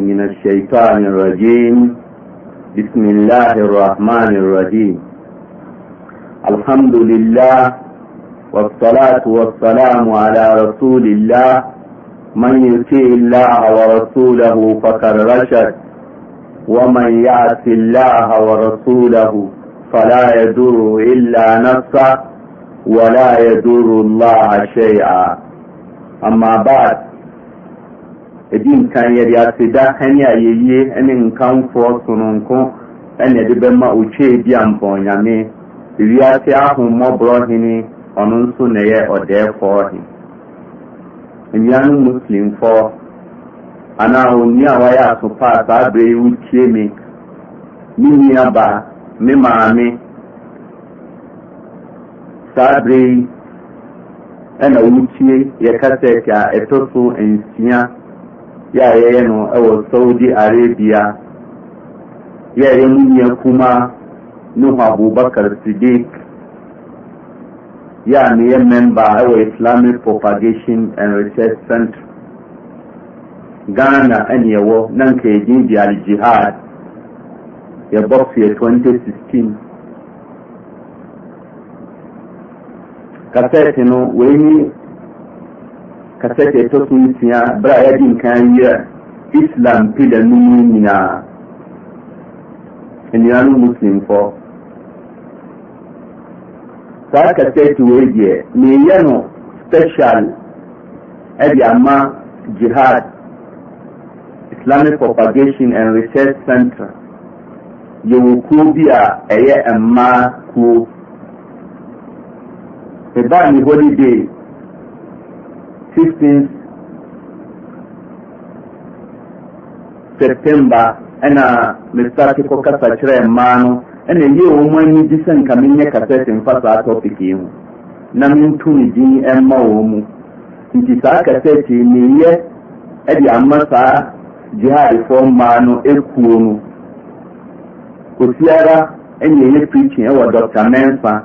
من الشيطان الرجيم بسم الله الرحمن الرحيم الحمد لله والصلاة والسلام على رسول الله من يطيع الله ورسوله فقد رشد ومن يعص الله ورسوله فلا يدور إلا نفسه ولا يدور الله شيئا أما بعد ɛdi nkan yɛde aseda ɛne ayɛyie ɛne nkanfoɔ sononko ɛne ɛde bɛma otwee bi a mpɔnyame ewiase ahommɔborɔ hene ɔno nso na ɛyɛ ɔdɛɛfoɔ he nnuanom muslimfoɔ anaa onni a wayɛ asopa a saa berɛ yi wotie me me nuaba me maame saa berɛ yi ɛna wotie yɛ kasɛte a ɛtɔ so nsia yayaye no ɛwɔ saudi arabia yayaye no nua kuma nuhu abubakar siddiq ya ne yɛ member islamic propagation and research center ghana ɛne ɛwɔ na nka yɛgyina di al jihad yɛbɔ fiɛ 2016 kasɛte no wɔyi kasɛte ɛtɔ so nsia berɛ a yɛde nkan yɛ islam pila no mu nyinaa anuanom muslimfoɔ saa kasɛte wei deɛ meyɛ no special ɛde ama jihad islamic propagation and research center yɛwɔ kuo bi a ɛyɛ mmaa kuo mebaa ne holiday 15 septemba ɛna mistaki ko kasa kyerɛ mmaa no ɛna a wɔn ani gye sɛ nka menyɛ kasɛte mfa saa topic yi ho na mentu ne din ɛmma wɔn mu nti saa kasɛte yi meyɛ ɛde ama saa jihadifoɔ mmaa no ekuo no kosiara ɛna ɛyɛ preaching ɛwɔ dɔkta mensa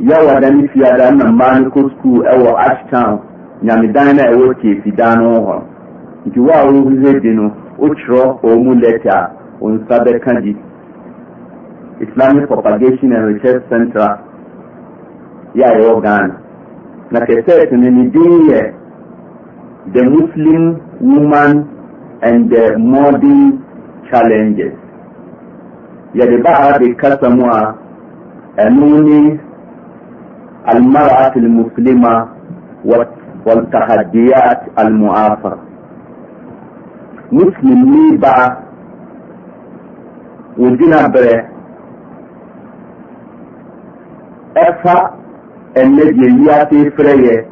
yawa da ne fiada na mmaa no kɔ school ɛwɔ ashtown nyame dan no a ɛwɔ kiefi dan no hɔ nti wo a wohwehwɛ di no wokyerɛ ɔ mu lɛte a wo nsa bɛka di islamic propagation and research central yɛ a yɛwɔ ghana na kɛsɛɛt no ne din yɛ the muslim woman and the modern challenges yɛde ba arabic kasa mu a ɛno ne almarat almuslima wat والتحديات المعاصرة مسلم لي باع ودينا بره أفا الذي ياتي فريه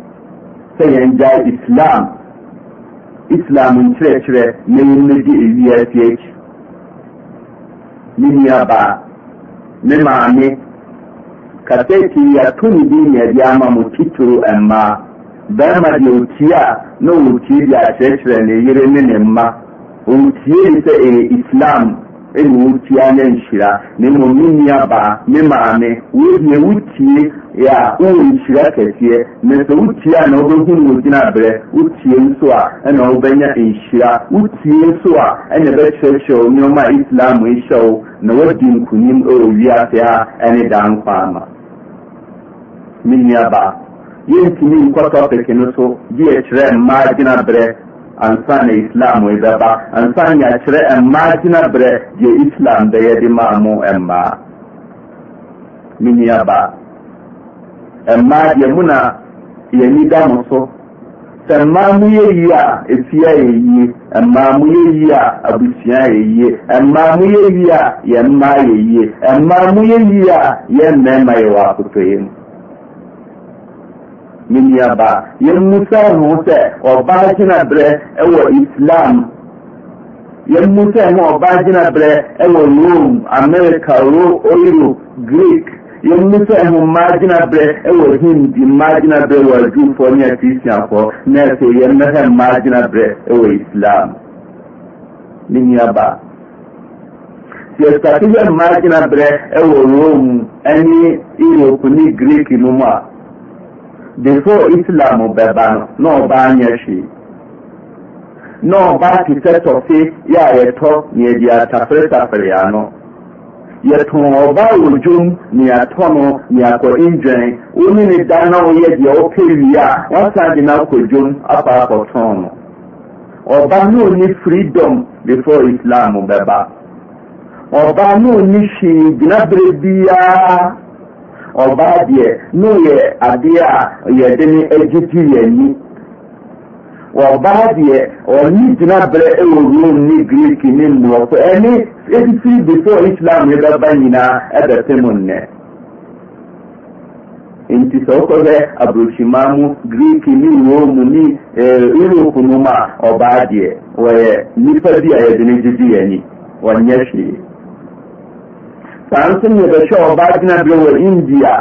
سينجا إسلام إسلام تشريشري من الذي ياتي من باع من معني يا يتوني دين يدياما متترو أما barima di otie a na ɔtie deɛ akyerɛkyerɛ ne yere ne ne mma ɔtie sɛ ɛyɛ islam ɛne wotia ne nhyira na mmom me aba me maame wodeɛ wotie a wowɔ nhyira kɛseɛ na sɛ wotie a na wobɛhu no wogyina berɛ wotie nso a ɛna wobɛnya nhyira wotie nso a ɛna ɛbɛkyerɛkyerɛ wo nneɔma a islam ɛhyɛ na na woadi nkonim ɛwɔ wiase a ɛne da nkwa ama me aba. yɛntumi nkɔtɔfike no so gyeyɛ kyerɛ mmaa gyinaberɛ ansanna islam ye bɛba ansan nya kyerɛ mmaa gyinaberɛ deɛ islam bɛyɛ de maa mo ɛmmaa menniabaa mmaa deɛ mu na yɛni da mo so sɛ mmaa mo yɛyie a fia yɛ yie mmaa mo yɛyi a abutua yɛ yie ɛmmaa mo yɛyie a yɛ mmaa yɛ yie mmaa mo yɛyie a yɛ mmama yɛwɔ akotɔyɛ mu menuaba yɛmmusae ho sɛ ɔbaa gyinaberɛ wɔ islam yɛmmu sɛ ho ɔbaa gyinaberɛ wɔ rome america ro europe greek yɛmmu sɛ ho mmaa gyinaberɛ wɔ hindi mmaa gyinaberɛ wɔ adwufoɔ ne akristianfoɔ na afei yɛmmɛhɛ mmaa gyinaberɛ wɔ islam ne nuaba yɛsate hwɛ mmaa gyinaberɛ wɔ rome ne europe ne greek no mu a before islam bɛba no na ɔbaa nyɛ hwee na ɔbaa te sɛ tɔfe yɛ a yɛtɔ ne yɛde ataferetafere ano yɛtɔn ɔbaa wɔ dwom ne yɛatɔ no ne akɔ indwɛn wo ne ne da na woyɛ deɛ wopɛ wie a wasan de no akɔ dwom apa akɔtɔn no ɔbaa na freedom before islam bɛba ɔbaa na ɔni hwee gyina berɛ ɔbaa deɛ ne yɛ adeɛ a yɛde ne agye ti yɛn ni ɔbaa deɛ ɔne gyinaberɛ ɛwɔ rome ne greek ne mmorɔfo ɛne ɛsisiri before islam ne bɛba nyinaa ɛbɛpɛ mu nnɛ nti sɛ wokɔ sɛ aburohyima mu greek ne rome ne europe no mu a ɔbaa deɛ wɔyɛ nnipa bi a yɛde ne gyegye yɛn ni wɔnyɛ hwee saa nso na yɛbɛhwɛ ɔbaa gyina berɛ wɔ india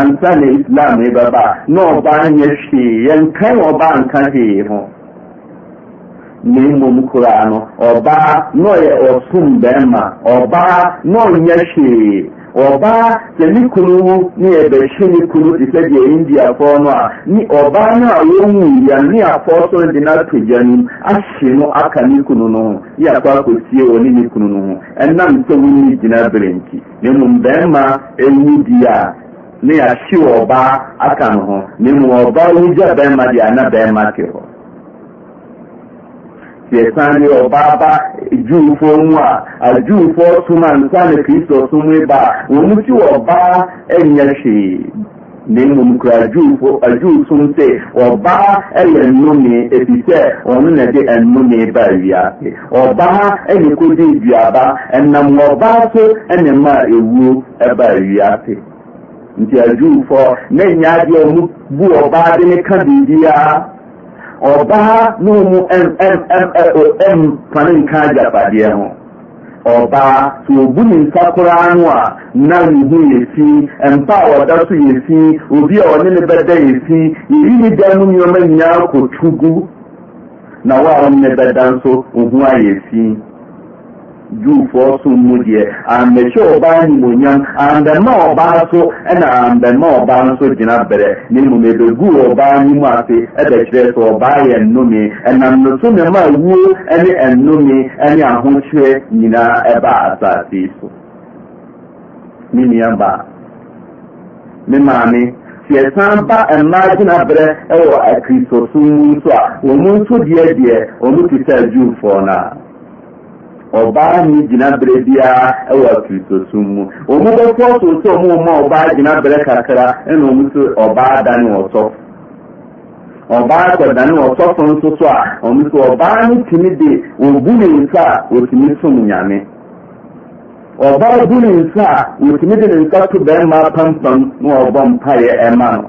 ansa na islam ɛbɛba na ɔbaa nyɛ hwee yɛnkan ɔbaa nka hwee ho na mmom koraa no ɔbaa na ɔyɛ ɔsom bɛrima ɔbaa na ɔnyɛ hwee ọbaa sɛ ne kunu wu ne yɛbɛhwe ne kunu te sɛdeɛ indiafoɔ no a ne ɔbaa no a wɔwu ya ne afoɔ so no de no atogya no ahye no aka ne kunu no ho ne akɔ akɔsie wɔ ne ne kunu no ho ɛnam sɛ wo ne gyina berɛ nti na mmom bɛrima ɛwu di a ne yɛahye wɔ ɔbaa aka no ho na mmom ɔbaa wugya bɛrima deɛ ana bɛrima ke hɔ yɛsan deɛ ɔbaa ba juufoɔ mu a ajuufoɔ som ansa na kristo som ba wɔn mu si ɔbaa nyɛ hwee na mmom kura ajuufo ajuusom sɛ ɔbaa yɛ nnome efi sɛ ɔno na de nnome ba wiase ɔbaa yɛ kodi duaba ɛnam ɔbaa so na mmaa ewuo ba wiase nti ajuufoɔ na nyɛ adeɛ ɔmo bu ɔbaa de ne ka biribiara. ɔbaa ne mu mfa ne nka agyapadeɛ ho ọbaa sɛ obu ne nsa koraa anụ a na ne ho mpa a ọda so yɛ obi a ɔne ne bɛda yɛ fi yɛyi ne da no nneɔma nyinaa kɔtwu gu na wo a ne bɛda nso wo a ayɛ juufoɔ so mu deɛ amɛhyɛ ɔbaa nimonyam ambɛma ɔbaa so ɛna ambɛma ɔbaa nso gyina berɛ ne mmom ɛbɛguu ɔbaa no mu ase ɛbɛkyerɛ sɛ ɔbaa yɛ nnome ɛnam no so ne ma wuo ne ɛnnome ne ahokyerɛ nyinaa ɛba asase so me nua baa me maame yɛsan ba mmaa gyina berɛ wɔ akristosom mu nso a wɔn nso deɛ deɛ wɔn ti sɛ adwumfoɔ no ọbaa ɔbaa gyina bere biara ɛwɔ akristosom mu ɔmu bɛfɔ soo sɛ ɔmoma ɔbaa gyina bere kakra ɛna ɔmu so ɔbaa dane wɔsɔfo ɔbaa kɔdane wɔsɔfo nso so a ɔmu so ɔbaa no tumi de ɔbu ne nsa a ɔtumi som nyame ɔbaa bu ne nsa a ɔtumi de ne nsa to bɛrima pampam na ɔbɔ mpaeɛ ɛma no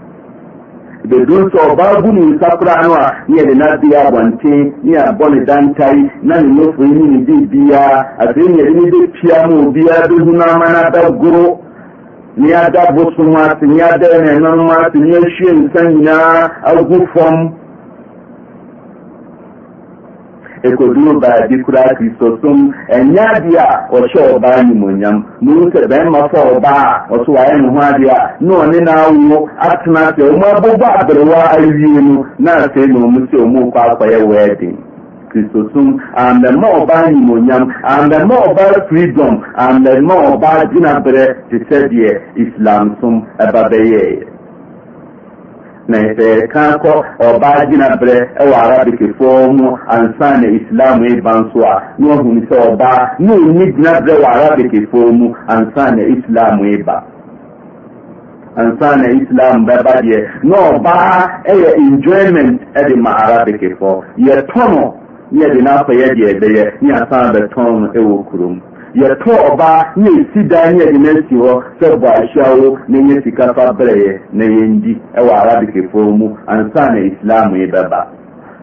beduto babuni sakurano yɛde n'adeɛ abɔnten ne abɔne dantae na ne nofo yi ne de biara afei ne yɛde ne bɛpia ma obiara bɛhu no ama no adagoro ne ada bosom ase ne ada ɛnɛnom ni ne ahwie nsa ya agu fom ɛkɔduru baabi kristo kristosom ɛnyɛ adeɛ a ɔhyɛ ɔbaa nimonyam muru sɛ bɛrima fa ɔbaa a ɔso wayɛ ne ho adeɛ a na ɔne n'awo atena sɛ ɔmo abobɔ aberewa awie no na afei na ɔmo sɛ ɔmo kɔ akɔyɛ wɛɛden kristosom ambɛmma ɔbaa nimonyam ambɛmma ɔbaa freedom ambɛmma ɔbaa gyinaberɛ te sɛ deɛ islam som ɛba e bɛyɛeɛ na ka akọ ọbaa gyinaberɛ wɔ arabikifoɔ mu ansa na islam ɛba nso a na ɔhunu sɛ ɔbaa na ɔnni gyinaberɛ wɔ arabikifoɔ mu ansa na islam ɛba ansa na islam bɛba deɛ na ɔbaa yɛ enjoyment de ma arabikifoɔ yɛtɔ na ne yɛde no afa yɛdeɛ ɛbɛyɛ ne asan bɛtɔn no e wɔ kurom yɛtɔ ɔbaa ne esi dan ne ɛde n'asi hɔ sɛ bɔ ahyia wo na ɛnyɛ sika fa brɛeɛ na yɛndi ɛwɔ arabikefoɔ mu ansa na islam yi bɛba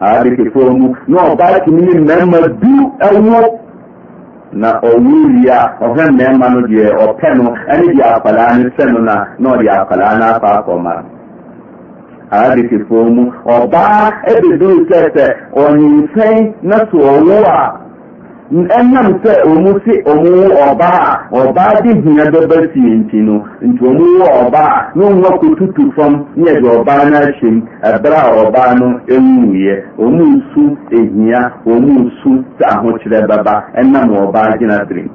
arabikefoɔ mu na ɔbaa tumi ne mmarima du ɛwo na ɔwuri a ɔhwɛ mmarima no deɛ ɔpɛ no ɛne deɛ akwadaa no sɛ no na na ɔde akwadaa no afa akɔma arabikefoɔ mu ɔbaa ɛbɛduru sɛ sɛ ɔnyinsɛn na so ɔwo a ɛnam sɛ ɔmu se ɔmo ɔbaa a ɔbaa de hia bɛba sie nti no nti ɔmo wɔ ɔbaa a na ɔmo akɔtutu fam ne yɛde ɔbaa no ahyɛ mu ɛberɛ a ɔbaa no ɛwuiɛ ɔmo nsu ehia ɔmo nsu sɛ ahokyerɛ bɛba ɛnam ɔbaa gyina bere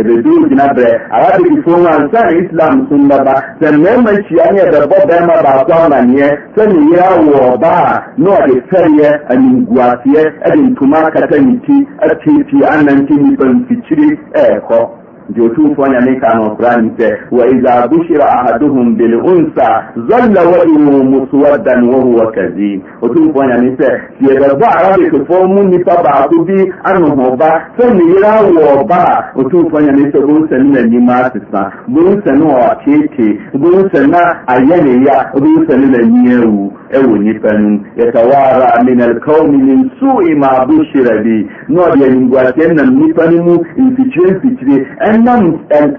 ɛbɛduru gyina berɛ arabedifoɔ ho ansa na islam so mbaba sɛ mmarima nhyia ne ɛbɛbɔ bɛrima baako amanneɛ sɛne yera wɔ ɔba a na ɔde fɛreɛ animguaseɛ ɛde ntoma akata ne ti atiitii anante nnipa mfikyiri ɛɛkɔ e jotu fonya ne kano franite wa idha bushira ahaduhum bil unsa zalla wajhuhu muswaddan wa huwa kadhib otu fonya ni se ti e ba arabe ko fo mu ni baba ko bi anu ho ba so ni ra wo ba otu fonya ni se bo se ni ni ma sisa bo se no o tete bo se na aye ni ya bo se ni ni ewu ewu ni panu yatawara min al qawmi min su'i ma bushira bi no de ni gwa tenna ni panu mu in fitire fitire ɛnam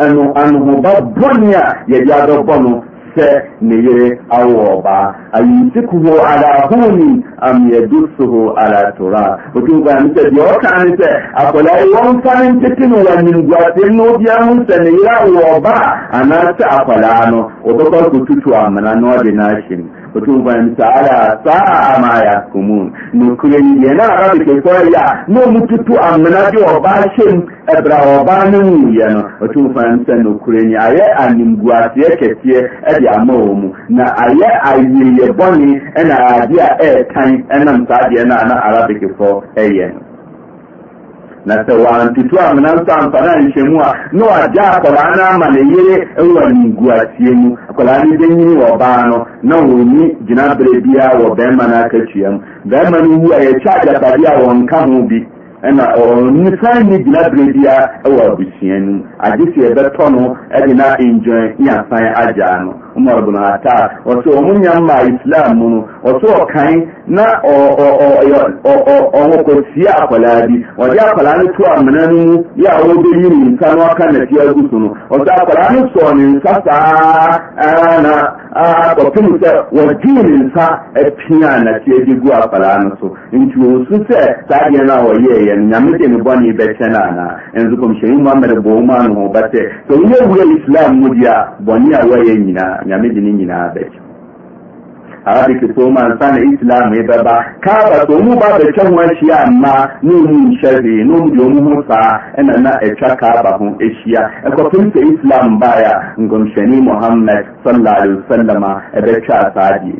ɛnu anuhoba bɔnni a yɛde abɛbɔ no sɛ ne yere awɔ ɔbaa ayisikuhu ala huni am yadusuhu ala tura otumfa ne sɛ deɛ ɔka ne sɛ akwadaa yi wɔmfa ne ntete no wɔ nimguaseɛ no obiara ho sɛ ne yere awɔ ɔbaa anaasɛ akwadaa no wɔbɛkɔ akotutu amena na ɔde no mu otumuvanyisa ala saa ma yahkumun nukuri yɛna arabike sɔrɔ ya n'omututu amunadi ɔbaashem ɛbra ɔbaa ne nwuyɛ no otumuvanyisa nukuri ni ayɛ animguaseɛ kɛseɛ ɛde ama wɔ mu na ayɛ ayeyɛ bɔne ɛna adeɛ a ɛɛtan e, ɛnam saa deɛ a na arabike fɔ ɛyɛ no na sɛ wɔantoto amena nso amfane anhyɛmu a na wɔagya akwadaa no ama ne yere wɔ nenguaseɛ mu akwadaa no bɛnyini wɔ ɔbaa no na wɔnni gyinaberɛ biara wɔ bɛrima no akatua mu bɛrima no wu a yɛkyɛ agyapadeɛ a wɔnka ho bi ɛna ɔnisan ne gyina berɛ bia ɛwɔ abusua no agye sɛ yɛbɛtɔ no ɛde na enjoin ne asan agyaa no umar bin ata ɔsɛ ɔmo nya mma islam mu no ɔsɛ ɔkan na ɔwɔkɔsie akwadaa bi ɔde akwadaa no to amena no mu yɛ a wɔbɛyi ne nsa no aka nati agu so no ɔsɛ akwadaa no sɔɔ ne nsa saa ara na akɔpem sɛ wɔgyee ne nsa apia nate de gu afaraa no so nti ɔsu sɛ saa deɛ no a wɔyɛɛyɛ no nyame de ne bɔne bɛkyɛ no anaa ɛnso kɔmhyɛni muhammad bɔɔ mu ano ho ba sɛ sɛ woyɛ wura islam mu deɛ a bɔne a wɔyɛ nyinaa nyame de ne nyinaa bɛkyɛ arabiki so man sana islam ya baba ka ba to mu ba da kyan shi amma ni mu sharri no mu yo mu sa ina na e chaka ba hun eshiya e ko tun ta islam baya ngom shani muhammad sallallahu alaihi wasallama e da cha sadi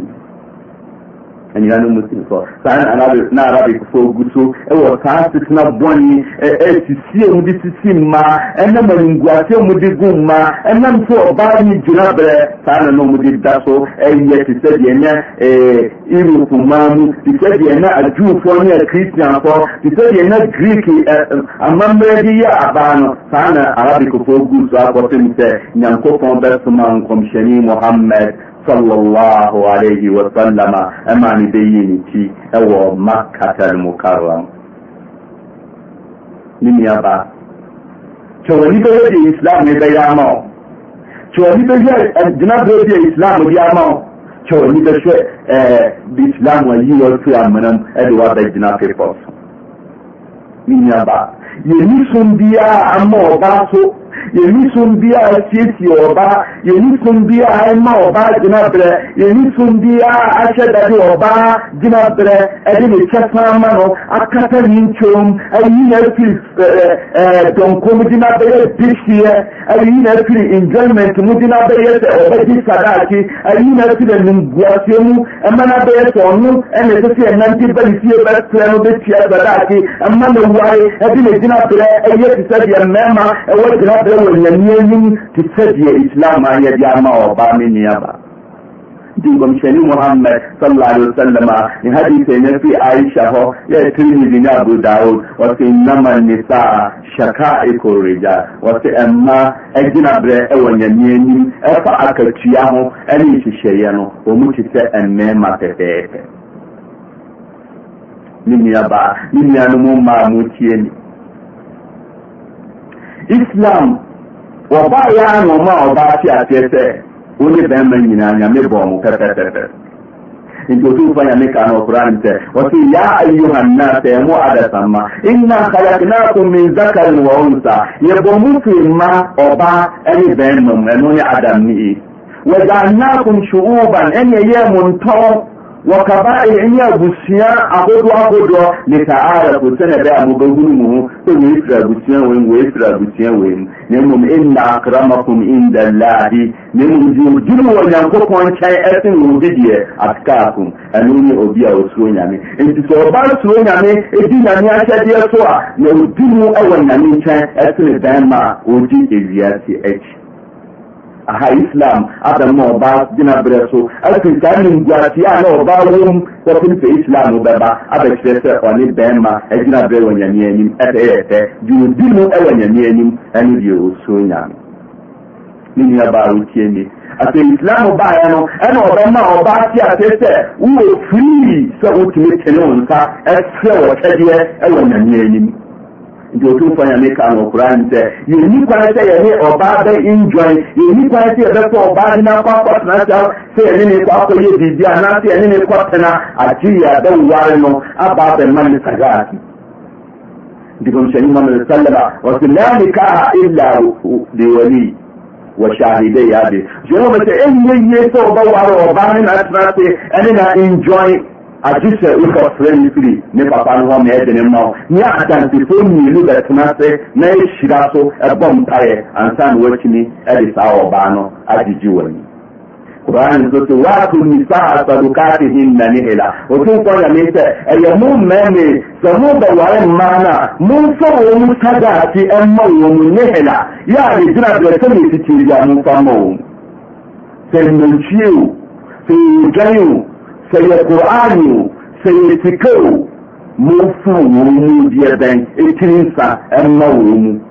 and you are no Muslim. So, sign na Arabic for good. So, it was fantastic, not bonny, e, e, to see him, this is him, ma, and then when you are him with the gumma, and then for a na Junabre, sign and no with it, that's all, and yet he said, Yena, eh, Iru Fumamu, he said, Yena, a Jew for me, a Christian for, he said, Yena, Greek, a member of the Abano, sign Arabic for good. So, I got him, say, Nyanko Fombes, Muhammad sallallahu alayhi wa sallama ẹ maa ni bẹ yi ni ti ẹ wọ makatal mukarram ni nia ba tọwọ ni bẹ yẹ di islam ni bẹ yẹ ama o tọwọ ni bẹ yẹ ẹ jina bẹ di islam bi ama o tọwọ ni bẹ sẹ ẹ di islam wa yi wọ fi amana mu ẹ de wa bẹ jina pe pọ so ni nia ba yẹ ni sun biya ama ọba yɛni som biaa asiesie ɔbaa yɛni som biaa ɛma ɔbaa gyina berɛ yɛni som biaa ahyɛ dade ɔbaa gyina berɛ ɛde ne kyɛ san ma no akata ne nkyɛm ayi na afiri dɔnko mu gyina bɛyɛ birhyeɛ ayi na afiri enjoyment mu gyina bɛyɛ sɛ ɔbɛgye sadaakye ayi na afiri animguaseɛ mu ɛma no bɛyɛ sɛ ɔno ɛna ɛsɛ sɛ ɛnante ba ne fie bɛsrɛ no bɛtua sadaakye ɛma no ware ɛde ne gyina berɛ ɛyɛ te sɛ deɛ mmarima ɛwɔ gyina abɛwɔ yɛn anim te sɛ deɛ islam ayɛ de ama ɔbaa me nuaba nti nkɔmhyɛne muhammad sallallahu alaihi wasallam a ne hadith ɛnya fi aisha hɔ yɛ tirmidhi ne abu daud wɔse nnama nisaa shakaiko rija wɔse ɛmma ɛgyina berɛ ɛwɔ nyame anim ɛfa akatua ho ɛne nhyehyɛeɛ no wɔ mu te sɛ ɛmmɛɛma pɛpɛɛpɛ ne nuabaa ne nuanom maa motie ni islam wɔba yɛ anoma a ɔba ate aseɛ sɛ wo ne bɛrima nyinaa nyame bɔ mo pɛpɛpɛpɛ nti otumfa nyame ka no ɔkoran sɛ wɔse ya ayuha nnas ɛmo adasamma inna khalaknakum min zakarin wa unsa yɛbɔ mu firi mma ɔba ne bɛrima mu ɛno ne adam ne i wajaalnakum shuuban ɛne ɛyɛɛ mo ntɔn wɔkabae ɛnyɛ abusua agodoɔ agodoɔ ne taarafo sɛnɛbɛɛ a mobɛhunu mu ho sɛ weifiri abusua wei mu weifiri abusua wei mu na mmom inna akramakum na mmom deɛ odwiri wɔ nyankopɔn nkyɛn ɛsen wɔ bi deɛ atkakum ɛno obi a ɔsuro nti so a na odi mu aha islam adam na ọba gyina berɛ so afiri saa nimguateɛ a na ɔba wom sɛpem islam bɛba abɛkyerɛ sɛ ɔne bɛrima agyina berɛ wɔ nyame anim ɛsɛ yɛ sɛ deɛ odi no ɛwɔ nyame anim ɛne deɛ ɔsuo nyame ne nuabaa wotie ni afei islam baeɛ no ɛna ɔbɛma ɔba ate ase sɛ wowɔ firii sɛ wotumi tene wo nsa ɛsrɛ wɔkyɛdeɛ ɛwɔ nyame anim nke otu mfanya mee ka n'okpuru anyị nte yenyikwanịta ya nye ọba be injoi yenyikwanịta ya bepụ ọba dị na kwakwa tinasa se ya nene kwakwa ye bibia na se ya nene kwatena aji ya be wuwari no aba be mmanụ sagati dịka mshenyi mmanụ sallama wasu la nikaha illa liwali wa shahidai ya dị jọrọ mace enyi ya ihe sọ ọba wara ọba na tinasa ẹni na agyesɛ wokɔfrɛ no firi ne papa no hɔ ma ɛdene mma wo nyɛ adansefoɔ mmienu bɛtena ase na ɛhyira so ɛbɔ mpaeɛ ansa na woatumi ɛde saa ɔbaa no agyegye w'ani kuran nso sɛ waato nisaa sadukatihinna nihila ɔtumfɔ nyame sɛ ɛyɛ mo mmɛme sɛ mobɛware mmaa no a momfa wɔ mu sadaate ɛmma wɔ mu nihila yɛ a berɛ sɛ meɛsikyiri momfa mma wɔ mu sɛ nnantwie o sɛ yɛdwane o sɛyɛ korane o sɛyɛ sika o momfa wɔn mu deɛ bɛn ɛkyiri nsa ɛmma wɔn mu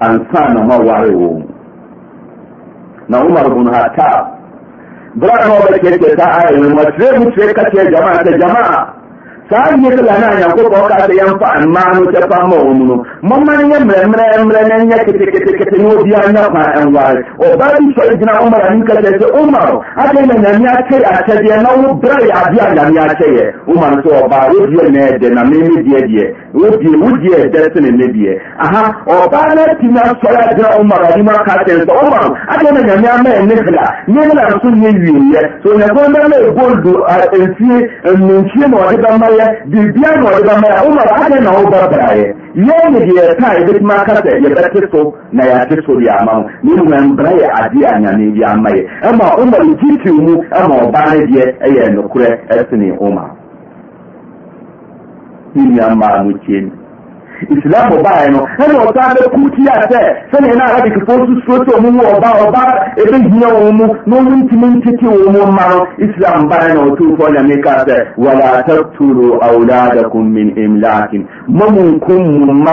ansa na moaware wɔn na umar bin hatab bra na wɔbɛkyerɛkyerɛ saa ayɛ no mu kyerɛ ka kyerɛ jamaa sɛ jamaa saa yiri la naa nyankopɔn ka sɛ yɛmfa mmaa no kyɛ fa ma wɔ mu no mɔma no nyɛ mmerɛmmerɛmmerɛ na nyɛ keteketekete na obiara nya kwan ɛnware ɔbaa bi sɔre gyina ɔmara no kasa sɛ ɔmaro adɛn na nyame akyɛ yɛ akyɛdeɛ na wo berɛ yɛ ade a nyame akyɛ yɛ woma no sɛ ɔbaa wodie na ɛdɛ na meme deɛ deɛ wodie wodeɛ ɛdɛ sene ne deɛ aha ɔbaa no atumi asɔre agyina ɔmara anim aka sɛ sɛ ɔmaro adɛn na nyame ama ɛne hla nyɛ na nso nyɛ wieɛ so onyankopɔn bɛma ɛgoldu mfie mmomfie na ɔde bɛma yɛ baya bibiya na wani bambara umar ake na o ya ye yau ne ya ta ibi ya bar tiso na ya tiso ya mamu ni mu yan bara ya adị anya na ya maye amma umar jiti mu amma ọba ne dị ɛyɛ nukure esi umar islam báyìí nọ ẹni ọ̀tá bẹ kú tí a sẹ sẹni iná arábì kìkọ́ oṣù sọ́tò òun wọ ọba ọba ebe yìnyẹ òun mu n'olu ntìmí ntìtì òun mu mma nù ìsìlámù báyìí nù ọ̀tún fọ́ nyàmé ká sẹ wàlá àtàtúrò àwòrán àdàkùn mi ìmìlá àti mọ́mú nkún mma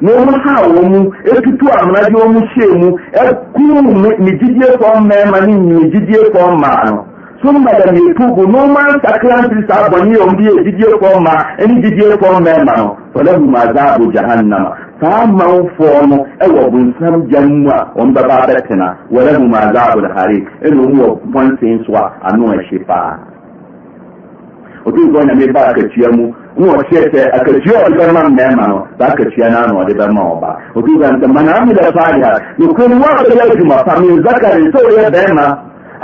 n'omuha awomu etutu amadi omukyemu ekulu nigidie kɔn mɛɛma ne nigidie kɔn mmaa no sumba da ne tubu noman sakiranti saa bɔnni yɛ ɔmu de egidie kɔn mmaa ɛne gidie kɔn mɛɛma no wɔlɛbi mu azaabu jahannama saa manfoɔ no ɛwɔ bonsam gyam mu a wɔn bɛba abɛtena mu ɛna wɔ a ano ɛhye paa. obi nkɔ nyame ba akatua mu na ɔkyerɛ sɛ akatua ɔde bɛma mmarima no saa akatua no ano ɔde bɛma ɔba obi nkɔ sɛ mana ameda faaliha nokurom woabɛyɛ adwuma fa me zakare sɛ ɔyɛ bɛrima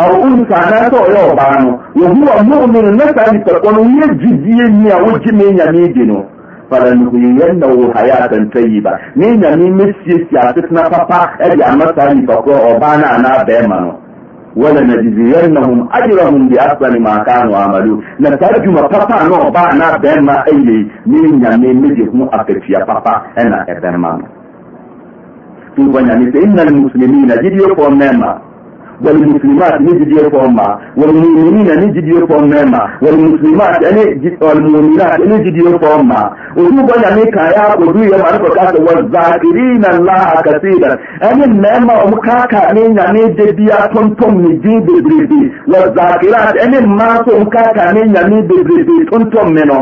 aw unsa anaasɛ ɔyɛ ɔbaa no wahuwa mumin na saa nipakɔ no woyɛ gyidie ni a wogye me nyame di no falanuhyiyannahu hayatan tayyiba ne nyame mɛsiesie asetena papa ɛde ama saa nipakorɔ ɔbaa no anaa bɛrima no walanajziyannahum ajrahum bi ahsani ma kanu amalun na tarjuma papa no bana benma ayle min ñami mejehmu akatiya papa ena e benmano tuba ñami so inna lmuslimina jiɗiyo ko memma والمسلمات نجد يقوم والمؤمنين نجد يقوم مما والمسلمات والمؤمنات نجد يقوم وذو بنا ميكا يا قدو يا مالك كاس والذاكرين الله كثيرا أنا مما أمكاكا من نجد يا تنتم نجد بريدي والذاكرات أنا ما أمكاكا من نجد بريدي تنتم منه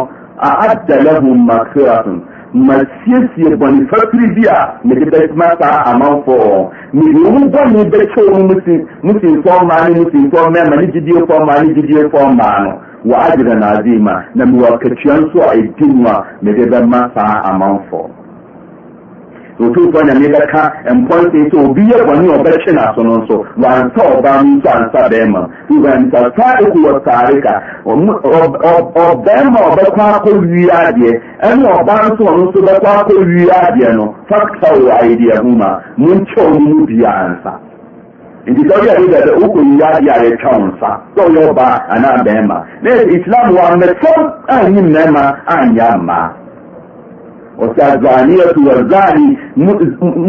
أعد لهم مغفرة masiesie bɔnefafiri bi a mede bɛtuma saa amanfoɔ mede wo bɔne bɛkyɛ wo musimfɔ mmaa ne musimfɔ mmarima ne gyidiefɔ mmaa ne gyidiefɔ mmaa no wɔ agyerɛ no ade ma na mewɔ akatua nso a ɛdi mu a mede bɛma saa amanfoɔ otu ụtọ nya n'ebe ka obi yɛ bɔne ɔbɛkye n'aso no nso ɔbaa nso ansa bɛrima ka ɔbɛrima ɔbɛkɔ adeɛ nso ɔno nso bɛkɔ adeɛ no fakta wɔ ho ma mu biara nsa nti sɛ adeɛ a yɛtwa wo nsa sɛ ɔyɛ ɔbaa anaa bɛrima na islam wɔ amɛtɔ anyi mmarima anyɛ mmaa ọ̀tàzàníyàtò wàzáàní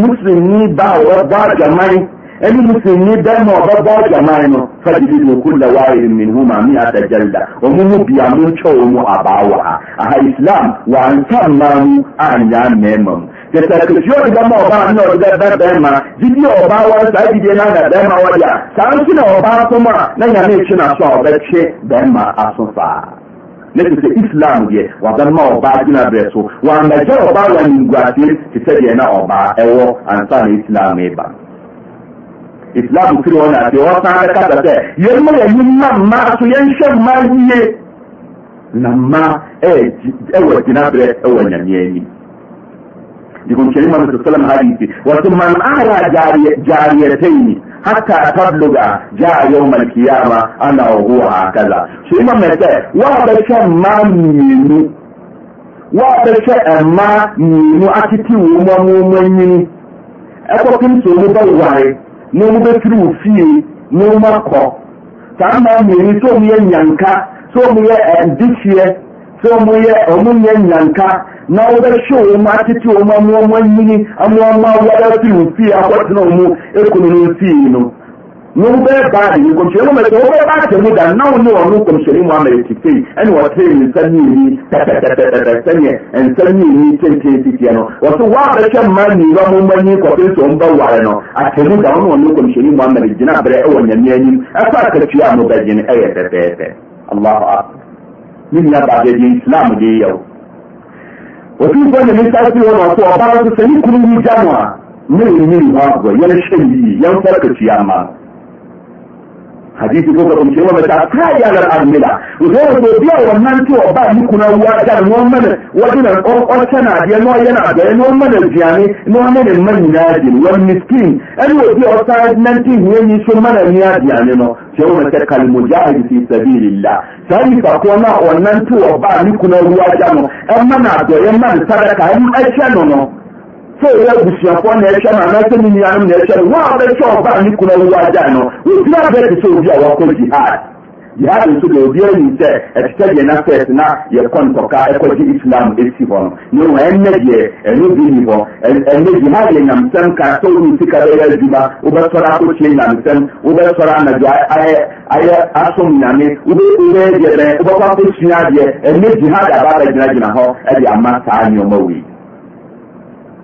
mùsùlùmí bá ọ̀rọ̀ bá jàmáì ẹni mùsùlùmí bẹ́ẹ̀mọ̀ ọ̀rọ̀ bá jàmáì nù fẹ́jìlì ní okú lẹ́wàáyé mìíràn màmí àtẹ̀jẹ̀lá òmùmú bí àmú ńkyọ́ òmù àbáwà àhà islam wà ń tà mmanú ànyà mẹ́mọ̀ tẹ̀sẹ̀kẹ̀sì ọ̀dọ̀ mọ̀ ọba ní ọ̀dọ̀ bẹ́ẹ̀ bẹ́ẹ̀ ma jíjí ọba wa sáà jíjí náà nà bẹ́ẹ̀ ma wọ́n sáà ń tún ọba asọ́mọ́ náà yà ní ìtúnà sọ ọ̀bẹ̀ tí bẹ́ẹ̀ ma asọ́fà. nake sɛ islam deɛ wabɛma ɔbaa gyina berɛ so wambɛgya ɔbaa wa nimguaseɛ te sɛdeɛ na ɔbaa ɛwɔ ansa na islam ɛba islam firi hɔ naadeɛ ɔsan bɛkasa sɛ yɛma yɛyi ma mmaa so yɛnhwɛ mmaa yie na mmaa ɛwɔ gyina berɛ ɛwɔ nyame anim dikonkyɛni ma no sɛ salam hadisi wɔso man ara jariyɛtaini hatta tabluga jaa yawmal qiyama ana huwa kaza shi imam mai ce wa barka ma minu wa mmienu. ma minu wo ma mu manyi ekwa kin so mu tru fi mu ta ma minu so mu yanka so mu ye ndichie eh, sɛmyɛ ɔm nyɛ nyanka na wobɛhwɛ ɔ m atete ɔ yini amoam aware firi fie akɔtena ɔ mu kunu no mfiei no mom bɛrɛbaade ɛwobɛbɛ aka mu da na wo ne ɔno kɔmhyani mu amare tifei ɛne trn nsa mieni pɛpɛɛpɛ sɛne nsa mieni tente titiɛ no wɔ se woabɛtwɛ ma niwa mmayini kɔpesɛɔm bɛware no akamu da wone no kɔmhyani mu amare gyinaberɛ wɔ nyame nim ɛfɛakatuaa no bɛyene yɛ pɛpɛɛpɛ alh aba b 这 islamdy 我 afi 说你 mis 说 bsank 你 jam 没 rm 个 yans yanfkcyama hadisi ko ka kun cewa mata kaya lar amila zo zo biya wannan to ba ni kuna wa da non mana wajinan on on tana da no yana da no mana jiyani no mana man nadi wal miskin an wo biya ta nan ti ne ni so mana ni jiyani no cewa mata kal mujahid fi sabilillah sai ka ko na wannan to ba ni kuna wa da no an mana da yan man sadaka an aisha no no sɛ ɔyɛ abusuafoɔ na ɛhwɛ no anaasɛ ne nuanom na ɛhwɛ no wɔn a bɛhwɛ ɔbaa ne kuna wu agya no obi abɛte sɛ obi a wakɔ jihad jihad nso deɛ obiara nim sɛ ɛte sɛ deɛ n'asɛs na yɛkɔ ntɔka ɛkɔgye islam esi hɔ no na wɔn ɛnɛ deɛ ɛno bi ni hɔ ɛnɛ jihad yɛ nyamsɛm ka sɛ wɔn sika bɛyɛ adwuma wobɛsɔre akɔkyerɛ nyamsɛm wobɛsɔre anadwo ayɛ ayɛ asom nyame wobɛyɛ deɛ bɛn wobɛkɔ akɔkyerɛ adeɛ ɛnɛ jihad aba abɛgyinagyina hɔ ɛde ama saa nneɛma wei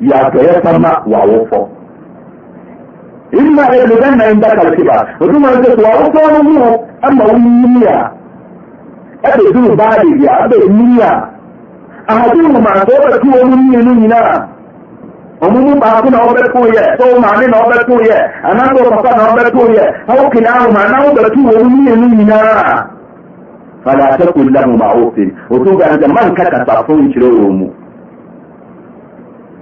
ya gayyatar ma wa wufo imma ya na inda kalki ba mutum ya ce wa wufo ne mu amma wuniya abe ya a hadin mu ma ko ba tuwo mun ne ni na omumu ba ku na obe ko ye to ma na obe ko ye anango ba na obe ko ye hawo kinawo ma na obe tuwo mun ne ni na fala takul lahu ma'ufin o to ga man kaka ta fon kiro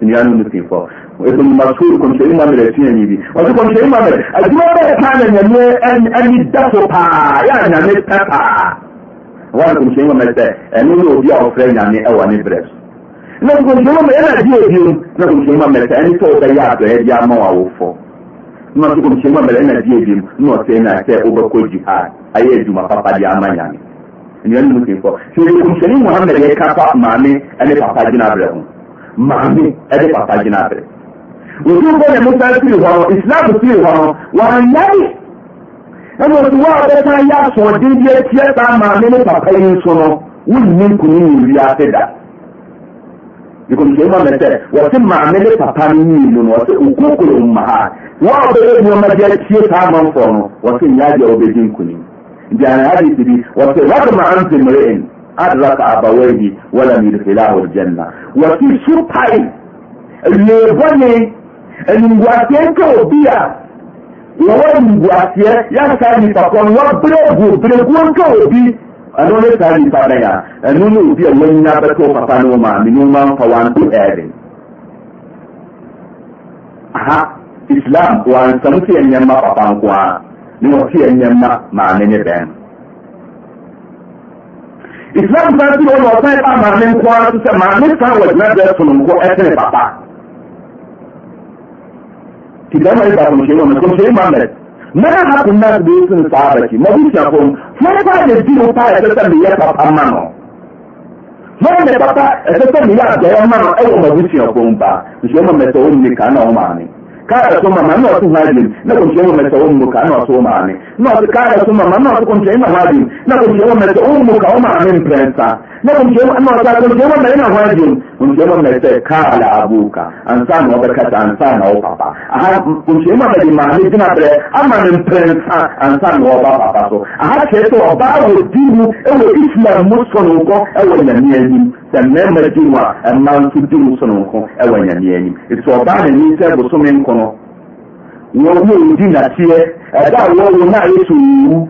siniyanu nufin fɔ ibn masud kɔmsɛri ma minɛ tiɲɛ ti wasu kɔmsɛri ma minɛ a juma bɛɛ k'a na ɲamɛ ɛni dafo paa y'a paa wala ma na kɔmsɛri ma minɛ ɛna di o di o na ma obi y'a a ma wa o fɔ na kɔmsɛri ma minɛ ɛna di o di o n'o na tɛ o bɛ ko jihad a ye juma papa di a ma ɲamɛ siniyanu nufin papa maame ɛde papa gyina abere wɔtumfo ne musa firi hɔ no islam firi hɔ no wɔanyae ɛna ɔsi wɔ a wɔbɛka yɛ asoɔden bi atia saa maame ne papa yi nso no wonni nkuni ne wiase da nkɔmhyɛmu amɛ sɛ wɔse maame ne papa no nyii no wɔse okokoro mma ha wɔn a wɔbɛyɛ nneɛma de atie saa amanfoɔ no wɔse nyɛ adeɛ wɔbɛdi nkuni nti anahadisi bi wɔse wɔde ma antemmereen adlafa abawaihi wala mi dkhilahu aljanna wa fi shurtai le bone ningwasie bia obia wawa ningwasie yana ka ni papon wa bregu bregu nka obi ano ne ka ni papa ya ano ne obi a wanya bato papa no ma mi no ma fa wan to ebe aha islam wan samse nyamma papa kwa ni wasi nyamma ma ne ne ben islam san ti wɔn ɔsan ba maame nko ara sɛ maame san wɔ gyina bɛɛ funu nko ɛsene papa ti dɛm ayi ba kɔmhyɛn wɔn kɔmhyɛn mamet mɛra ha kun naa bi sin saa abɛkyi mɛ bi tia fɔm mɛra ba di o pa ɛsɛ sɛ meyɛ papa ma no mɛra mɛ papa ɛsɛ sɛ meyɛ adɔyɛ ma no ɛwɔ mɛ bi tia fɔm ba nhyɛn mamet a wɔn nyɛ kan na wɔn maame kada so mama na wasu hajin na kun ce wannan ta ummu ka na so mama ne na wasu kada so mama na wasu kun ce ina hajin na kun ce wannan ta ummu ka umma amin prensa na bincike amma wata bincike wannan yana waje bincike wannan sai ka ala abuka an sa na barka an na a har bincike ma bai ma dina bre amma prince an so a har ke to ba wo dinu e wo islam mu so no ko e wo na ni dan ne ma amma e su dinu so ko e wo ni e so ba ni sai so e da wo wo na yesu wu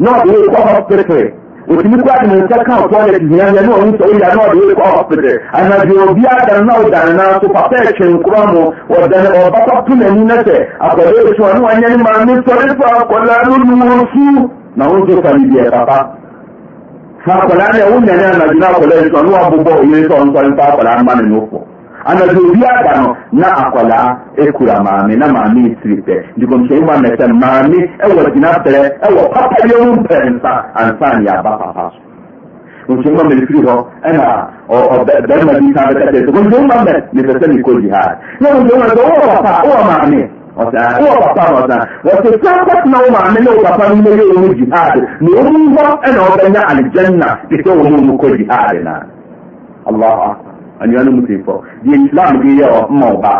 North Wake Hospital otimikwa dị nke ka tọilet ji anya na onye nsọrọ ya North Wake Hospital anabi obi adara na ụdara na asụ eche nkụrọ mụ ọdara ọbata tụna ninete akwado esu ọnụ anya ma akwado akwala n'ụlọ na ụzọ ya papa ha akwala anya nwunye anya anabi na akwala esu ọnụ abụbọ ọbụbụ nsọ nsọ akwala mmanụ n'ụfọ anadwo obi aba no na akwadaa ekura maame na maame esiri pɛ ndukomhyɛn mu anɛsɛ maame ɛwɔ gyina brɛ ɛwɔ papa bi ɔmo mpɛ nsa ansa ne aba papa so nkyɛn mu amɛ firi hɔ ɛna ɔbɛ bɛrima bi san bɛka kyerɛ sɛ nkyɛn mu amɛ mepɛ sɛ mekɔ jihad na nkyɛn mu amɛ sɛ wɔwɔ papa wɔwɔ maame ɔsan wɔwɔ papa na ɔsan wɔsɛ san kɔtena wo maame ne wo papa no ne yɛ wɔn jihad na wɔn mu hɔ ɛna ɔbɛnya alijanna te sɛ wɔn mu kɔ jihad na allah akbar àníwá ní mùsùlùmí fọ di islam fi yẹ ọ mma ọba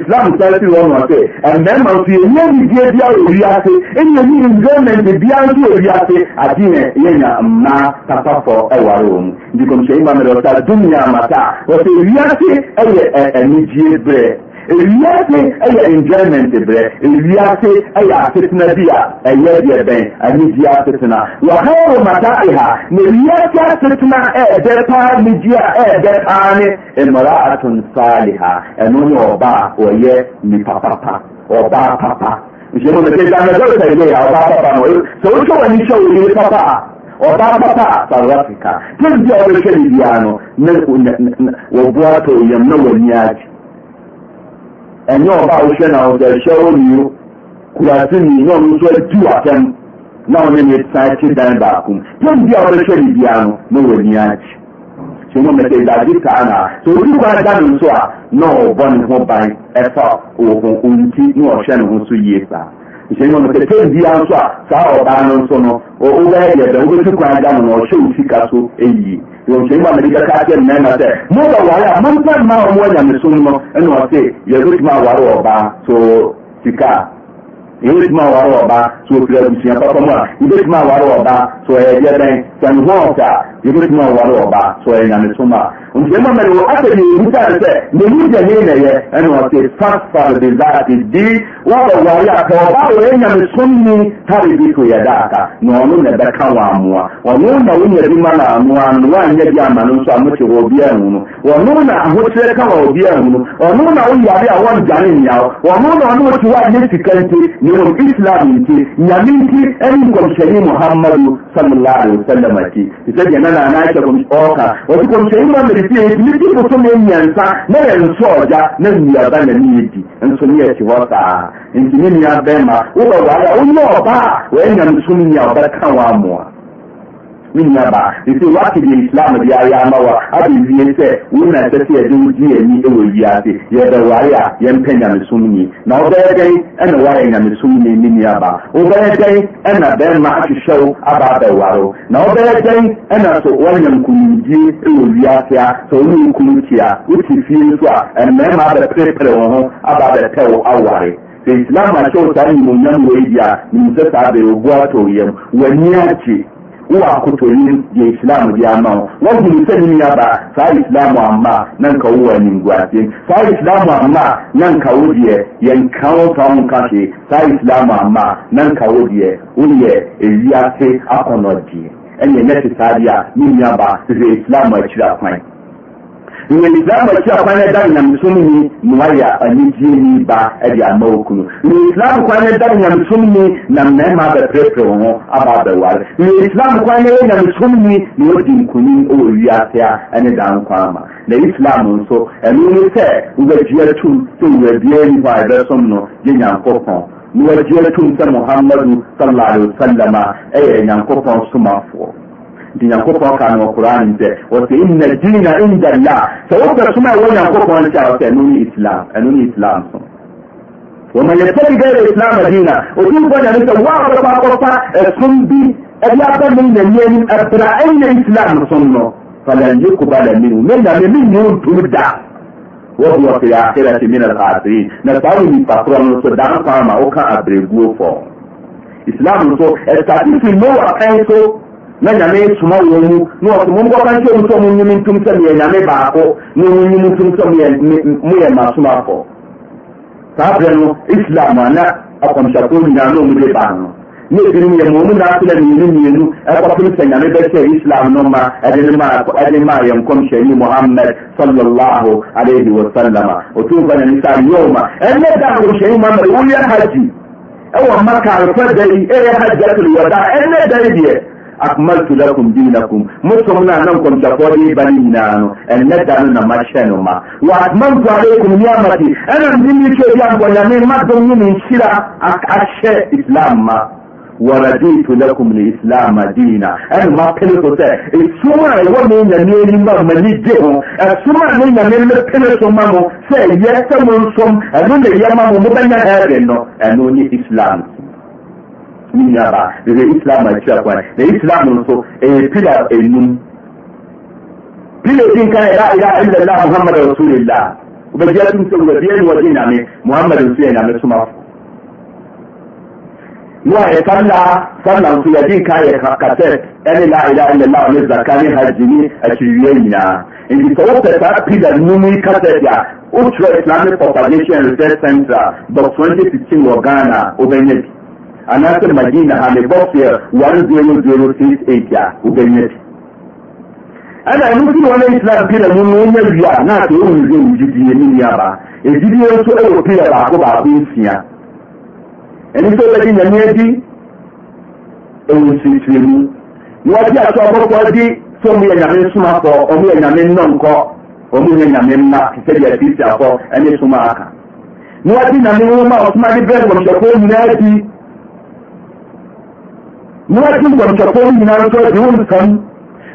islam sáré sí wọn wọn sẹ ẹmẹẹma fi ẹni ẹni di ẹbi a òri ase ẹni ẹni environment bi a nso òri ase àti yẹ yẹ nya mma papa fọ ẹwà rẹ wọn nti kọmíṣẹ́ ìmọ̀ mẹ́rẹ̀ ọ̀sá dúnìyà màtá ọ̀sẹ̀ òri ase ẹyẹ ẹ̀ ẹ̀mí jíé brẹ̀ Eliate ɛyɛ enjoyment brɛ eliate ɛyɛ asetena bi a ɛyɛ deɛ bɛn anigye asetena wahayɛwɔ mata eha na eliate asetena ɛɛdɛ paa anigye a ɛɛdɛ paa ne mmara atonsaaliha ɛno ne ɔba a ɔyɛ nipa papa ɔba papa nhyɛn mu ɛdɛ dan ɛdɛ ɔsɛ ɛyɛ ɔba papa no sɛ wotwa wani hyɛ wɔ yie papa a ɔba papa a South Africa tɛn bi a ɔbɛhwɛ ne bia no na wɔboa tɔ yam na wɔani agye ɛnyɛ ọba a wohwɛ na ɔda ahyia wɔ o yo kurase ni na ɔno nso adu asɛm na ɔne ne san te dan baako mu tɛm di a wɔbɛhwɛ ne bia no na wɔ ani akyi sɛ mo mɛsɛ dade taa na sɛ obi kwan da no nso a na ɔbɔ ne ho ban ɛfa wɔ ho nti na ɔhwɛ ne ho nso yie saa nhyɛn mu sɛ pɛn bi nso a saa ɔbaa no nso no wobɛyɛ deɛ bɛn wobɛtu kwan da no na ɔhyɛ wo sika so ɛyie yɛwɔ nhyɛn mu a mede bɛka akyɛ mmarima sɛ moba ware a mampa mma ɔmo anyamesom no ɛna ɔse yɛbɛtumi aware ɔbaa so sika yɛbɛtumi aware so ɔfiri abusua papa mu a yɛbɛtumi so ɛyɛ tanhoka yɛbɛtumi a ɔware ɔba so ɔyɛ nyame som a ntiɛma ma ne wɔ asɛ ne ɛbutane sɛ n'ani gya hei na ɛyɛ ɛne ɔse fasfar de zaate di woabɛware a sɛ ɔba ɔyɛ nyame som ni hare bi ko yɛda aka na ɔno na ɛbɛka wɔ amoa ɔno na wonya bi ma no anoa no woanyɛ bi ama no nso a mote wɔ obi ahu no ɔno na ahokyerɛ ka wɔ obi ahu no ɔno na woyare a wɔndwane nnya wo ɔno na ɔne wote woanyɛ sika nti ne wɔ muhammadu sallallahu alaihi samaki sɛdeɛ na naana ahyɛ ɔɔka ɔde kɔmhyɛni ma mmerefie yi ne di boso ne mmiɛnsa na yɛ nso ɔgya na nnuaba na ne yɛdi nso ne yɛte hɔ saa nti ne nua bɛrima wobɛware a wonyɛ ɔba a wɔanyam so nnua ɔbɛka wɔ amoa ne nyinaa nti wakidi islam de ayɛ ama wa abewie sɛ wo na ɛsɛ sɛ yɛde wo di ani wɔ wiase yɛbɛware a yɛmpɛ nyamesom ni na wobɛyɛ dɛn ɛna woayɛ nyamesom ni ne nuaba wobɛyɛ dɛn ɛna bɛrima ahwehwɛ wo aba abɛware wo na wobɛyɛ dɛn ɛna so woanya nkonimdie wɔ wiase a sɛ wo ne nkum kyi a wote fie nso a mmarima abɛperepere wo ho aba abɛpɛ wo aware sɛ islam akyɛw saa nimonyam wɔ yi a nim sɛ saa bɛyɛ obu atɔ yam w'ani wa kotoyin ya islamu ya ma wajen sanin ya ba sa islamu ama nan ka wuwa nin gwasi sa islamu ama nan ka wudiye yan kawo tawon kashe sa islamu ama nan ka wudiye wudiye ewiya se akɔnɔ die ɛnna ɛnɛ ti sa adi a ni nyaba sisi islamu akyiri akwan nyelizama akyi akwan ɛda nyamsom ni na wayɛ anigyeɛ ni ba ɛde ama wo kunu na islam kwan ɛda nyamsom ni na mmarima abɛprɛprɛ wɔn ho aba abɛware na islam kwan ɛyɛ nyamsom ni na wɔdi nkonim wɔ wiase a ɛne da nkwa ama na islam nso ɛno ne sɛ wobɛgyea tom sɛ wurabiaa ni hɔ a ɛbɛsom no yɛ nyankopɔn na wɔagyea tom sɛ muhammadu sallallahu alaihi wasallama ɛyɛ nyankopɔn somafoɔ dinyankopɔn ka no ɔkoraa ne sɛ wɔsɛ inna dina indallah sɛ wopɛ som a ɛwɔ nyankopɔn no kyɛ a wɔsɛ ɛno ne islam ɛno ne islam so wɔma yɛtɛbi gɛrɛ islam adina ɔtumfɔ nyame sɛ woabɛkɔ akɔfa ɛsom bi ɛde aba me nani anim ɛbra ɛnyɛ islam som no falan yukbala minhu me nyame menni wontum da wahuwa fi akhirati min alkhasirin na saa wo nipa korɔ no so dan kwan ma woka abrɛguo fɔ islam nso ɛsate fi noa pɛn so na nyame soma wɔn mu na wɔso monkɔka nkyɛ mu sɛ monyim ntom sɛ meyɛ nyame baako na monyim ntom sɛ moyɛ masomafoɔ saa berɛ no islam a na akɔmhyɛfoɔ nyinaa na ɔmude baa no ne ebinom yɛ mɔmu n'asena mmienu mmienu ɛkɔpem sɛ nyame bɛhyɛ islam no ma ɛde ne ma ɛde ma yɛn kɔmhyɛni muhammad sallallahu alaihi wa sallam a otumfa na nisa yoma ɛnyɛ da kɔmhyɛni muhammad wuyɛ hajj ɛwɔ maka alfa da yi ɛyɛ hajjatul wada ɛnyɛ da deɛ أكملت لكم دينكم مصرنا ننكم تقولي بني نانو أن ندعنا ما شنو ما وأكملت عليكم نعمتي أنا من يكي يعمل يعني ما دوني من شراء أكشي إسلام ما ورديت لكم الإسلام دينا أنا ما قلت سي السماء ومين يمين ما مليجيهم السماء مين يمين ما قلت سمامو سي يسمون سم أنا يمامو مبنى هذا أنا إسلام aiaamuhadrasulilaudaaaaeae iaislamic ationeearc centralt anasir madina hame boxer 10068 ya ubanyeti ana nufin wani islam fi da onye biya na ta yawon zai ujidi ya nini ya ba ejidi ya so ewo fi da baako baako nsia ẹni tó lẹ́yìn nyàmú ẹdí ewu nsirisimu wọ́n ti àtọ́ ọgbọ́gbọ́ di tó mu yẹ nyàmú nsúmọ́ akọ ọmú yẹ nyàmú nnọ́ nkọ́ ọmú yẹ nyàmú mma títẹ́ di ẹ̀fíìsì akọ ẹni súnmọ́ aka wọ́n ti nyàmú nwoma ọ̀túnmáde níwájú ìgbọ̀nsọ̀ tó ń yìnbọn tó di wọn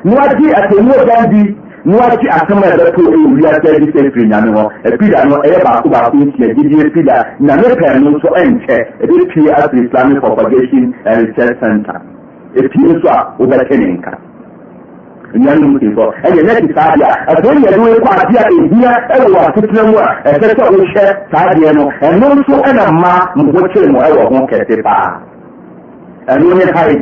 níwájú àtẹnú ọ̀gá di níwájú àtẹnú ẹ̀dá tó èwì àtẹ́jú sẹ́fìrì nyàmé wọn ẹ̀pìdà náà ẹ̀yẹ baako baako ń tiẹ̀ dídí ẹ̀pìdà nyàmé pẹ̀lú nso ẹ̀ nkyẹ́ ẹ̀dí pì Islamic propagation and research center ẹ̀pì nso a ọbẹ̀kẹ́ ní nyanu mu ẹyẹ ti a ẹsẹ ẹnu nso ẹna mbọ ẹwọ ho أنا حيث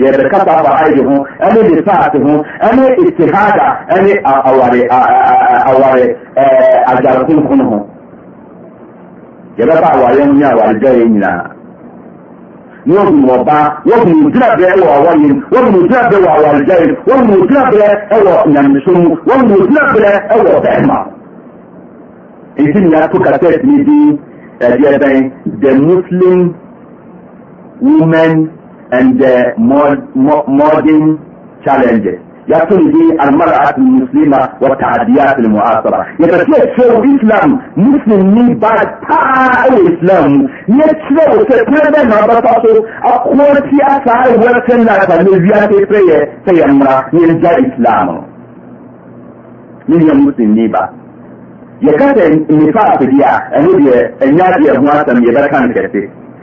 yadda ka saba aikihu ani lisatihu ani istihada ani aware aware ajarkun kunhu yadda ba aware mun ya aware jẹ yin na ni o kun ọba o kun nùtúrà bẹ ẹwà ọwọ yin o kun nùtúrà bẹ ẹwà aware jẹ yin o kun nùtúrà bẹ ẹwà nyamisomu o kun nùtúrà bẹ ẹwà bẹẹma èyí ni a tó kàtẹ́ẹ̀tì ní bí ẹ̀dí ẹ̀dẹ́n the muslim women and uh, mod, mod, modern challenges يقول به المرأة المسلمة والتعديات المعاصرة يتسلسل الإسلام مسلم من بعد تاع الإسلام يتسلسل تتبع ما بطاته أقوى سياسة ولكن لا تنزيات في في أمرا ينزع إسلام من المسلم نيبا يكاد النفاق فيها أنه ينادي أبواتم يبقى كان كثير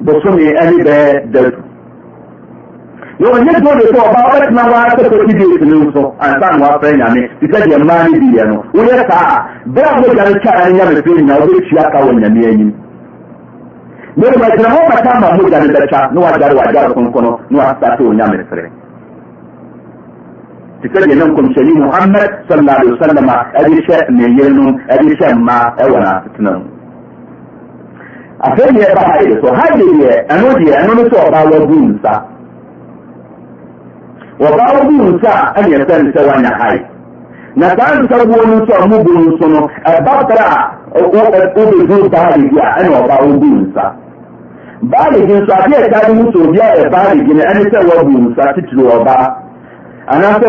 bosome ɛne bɛɛ dadu yóò nyɛ tó de sɛ ɔba ɔbɛtena hɔ asɛpɛ ti de esi ne nso ansa na wafɛ nyame ti sɛ deɛ ni ne bi yɛ no woyɛ saa bɛɛ a mogya no twa ɛne nyame fɛ nyina wobɛtua ka wɔ nyame anim mɛri ma gyina hɔ bɛta ama mogya no bɛtwa na wagyare wagyare konkono na wasate wɔ nyame frɛ ti sɛ deɛ ne nkɔmhyɛni muhammad sallallahu alaihi wasallam a ɛde hyɛ ne yerenom ɛde hyɛ mmaa ɛwɔ n'asetena mu afei deɛ ɛba ha yɛ so ha de deɛ ɛno deɛ ɛno no nsa ɔbaa wagu nsa a ɛne ɛsɛ ne na saa nsabuo no nso a mubu nso no ɛba pra a wobɛgu baale bi a ɛne ɔbaa wagu nsa baale bi nso adeɛ ɛda de mu sɛ obi a ɛbaale bi no ɛne sɛ wagu nsa titiri ɔbaa anaasɛ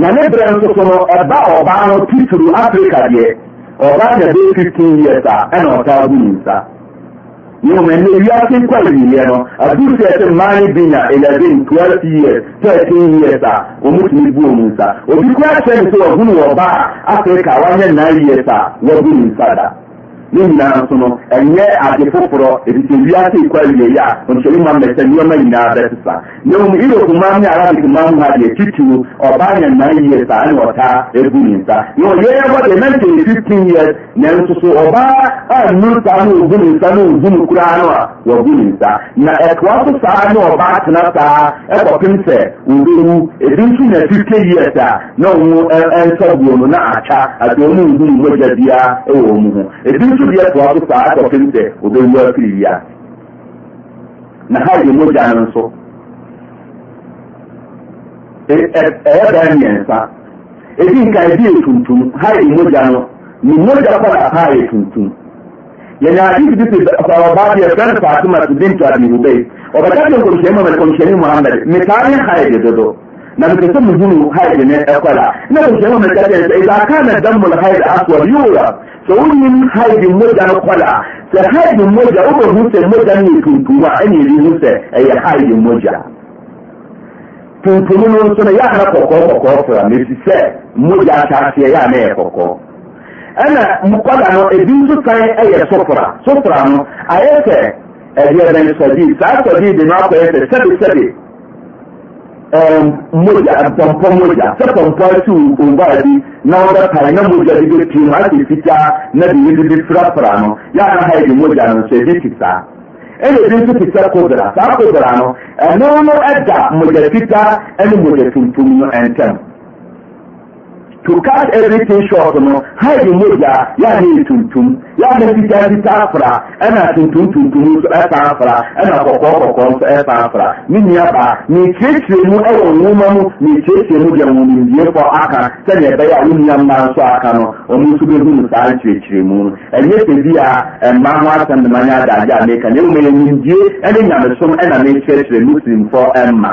na nebere nsoso ɛba ɔbaa no titiri afirika deɛ ɔbaa na bɛ fifteen years a ɛna ɔtaa gu ne nsa yom ɛnna wiase nkwa awieɛ no aduru sɛ ɛsɛ mmaa bi na eleven twelve years thirteen years a wɔn bu wɔn nsa obi kura kyerɛ nso sɛ ɔbaa wanyɛ nine years a nyinaa so no ɛnyɛ foforɔ a nsɔre muhammad sɛ nneɛma nyinaa sisa na wɔn europe ne arabic ha deɛ ɔbaa yie sa ɔta egu ne nsa na ɔyɛ ɛwɔ deɛ fifteen na nso so ɔbaa a saa no ogu ne nsa no ogu ne a wɔgu ne na ɛtoa so saa ɔbaa tena saa ɛkɔpem sɛ ebi nso na years na wɔn ɛnsa guo no na atwa kufiya toa so saa akɔpem sɛ obɛwu afiri ya na hage mogya no nso e, ɛyɛ e, bɛɛ e, mmiɛnsa ɛdi nka ɛbi yɛ tuntum hage mogya no ne mogya kɔda paa dị tuntum yɛne hadisi bi sɛ ɔbaa deɛ fɛn faatoma to bintu abi hubai ɔbɛka kyɛ nkɔmhyɛni muhammad kɔmhyɛni muhammad metaa dị dodo نفسه مهم هاي من أقلا نفسه مهم كذا إذا كان الدم الهاي أقوى يورا فوين هاي مدة أقلا فهاي مدة أبو هوسة مدة نيكون كوا أني لهوسة أي هاي moja. tuntun no nso no yɛ ana kɔkɔɔ kɔkɔɔ fura na moja sɛ mogya ya yɛ ana yɛ kɔkɔɔ ɛna mukɔda no ebi nso kan yɛ sofra sofra no ayɛ sɛ ɛdeɛ bɛn sɔdii saa sɔdii de no akɔyɛ sɛ sɛbesɛbe moapɔmpɔ moya sɛ pɔmpɔ a ti obaadi na wobɛpane na mogya di bɛ piemu asɛ fitaa na debibibi fra fra no yɛa na haɛde mogya no nso di tisaa ɛdɛ bi nso ti sɛ e ko dra saa ko dra no ɛno e no ɛda mmogya fitaa ne mmogya tontom no ɛntam e to cut everything short no How hajji moja ya ne tuntum ya ga fita fita afra ana tuntum tuntum su ɛfa afra ana kɔkɔ kɔkɔ su ɛfa afra ni nia ba ni kyerɛkyerɛ mu ɛwɔ nwoma mu ni kyerɛkyerɛ mu deɛ wɔn nimdie fɔ aka sɛdeɛ ɛbɛyɛ a wo nia mma nso aka no wɔn nso bɛhu no saa nkyerɛkyerɛ mu ɛnyɛ sɛ bi a mmaa ho asɛm ne ma nyɛ adagye a meka na emu yɛ nimdie ɛne nyamesom ɛna ne kyerɛkyerɛ muslimfoɔ ɛmma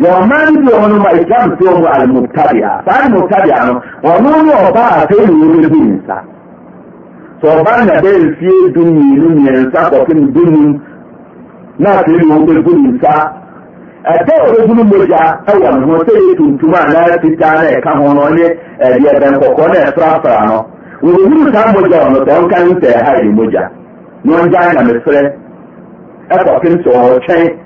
wọn mmaa no bi wɔ hɔ no ma islam tuo mu alimutabia saa alimutabia no ɔno ne ɔbaa a afei ne wɔn bi nsa na bɛyɛ mfie du mmienu mmiɛnsa kɔpem du num na afei ne wɔn bɛgu ne nsa ɛdɛ a wɔbɛgu no mogya ɛwɔ ne ho sɛ yɛ tuntum a na fitaa na ɛka ho no ne ɛdeɛ bɛn kɔkɔɔ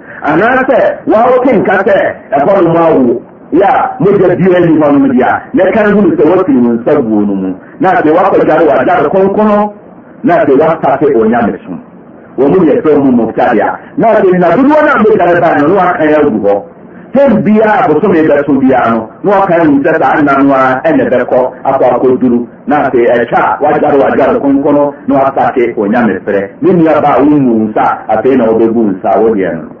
anaasɛ wawoke nka ɛhɔ nom awo yɛ mogya bia ni hɔ nom dea na ɛka hunu sɛ nsa guo no mu na afei woakɔdware wadare kronkrono na woasate onyame so wɔ mu yɛ mu a na afei nadodoɔ no a mogare bae no agu hɔ tem biara bɛso biara no na wakan hu sɛ saa nna no a ɛne bɛkɔ akɔ akɔduru na afei ɛtwa na wasate onyame frɛ ne nnuaba a nsa afei na wobɛbu nsa wodeɛ no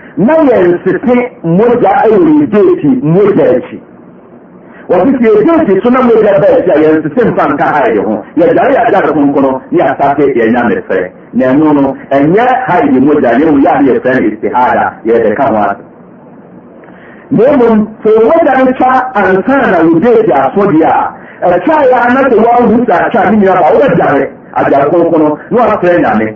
nayansisi moja ɛwɔ ne deeti mogya akyi wɔte sɛ yɛdeeti so e, na mogya ba akyi a yɛnsisi mfa nka haide ho yɛgyare yɛagya ne konkono ne yɛasake yɛnya ne frɛ na ɛno no ɛnyɛ haide mogya ne ɛwɔ yɛ a ne yɛfrɛ no istihada yɛde ka ho ase na mmom sɛ no twa ansa na asodeɛ a a na sɛ sɛ atwa ne wobɛgyare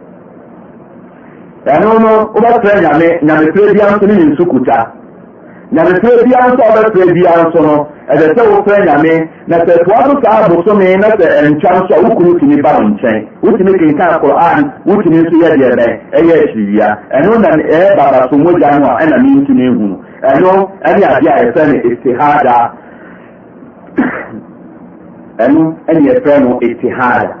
ɛno no wobɛtrɛ nyame nyametrɛ bia nso ne ne nsukuta nyametrɛ bia nso a wobɛtrɛ bia nso no ɛsɛ sɛ wofrɛ nyame na sɛ toa so saa bosome na sɛ ɛntwa nso a wokunu tumi ba wo nkyɛn wotumi kenkan koran wotumi nso yɛ deɛ bɛn ɛyɛ akyiriwia ɛno na ɛyɛ baba so mogya no a ɛna mentumi nhunu ɛno ɛne adeɛ a yɛfrɛ no ɛtihada ɛno ɛne ɛfrɛ no ɛtihada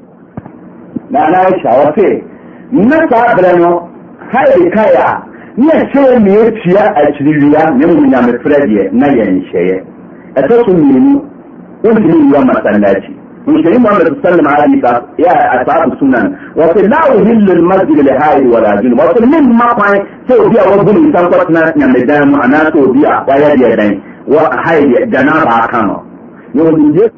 ma'ana shawarce na sabira no haye kaya ne ce mi ya ciya a ciririya na yan sheye a ta sun nemi ulimi wa masallaci mushari muhammad sallallahu ya ashabu sunan wa la uhillu al masjid li hayy wa la jun wa fi min ma qai to biya wa gulu san kwatna dan ma'ana to biya wa dan wa hayy da kano yau din je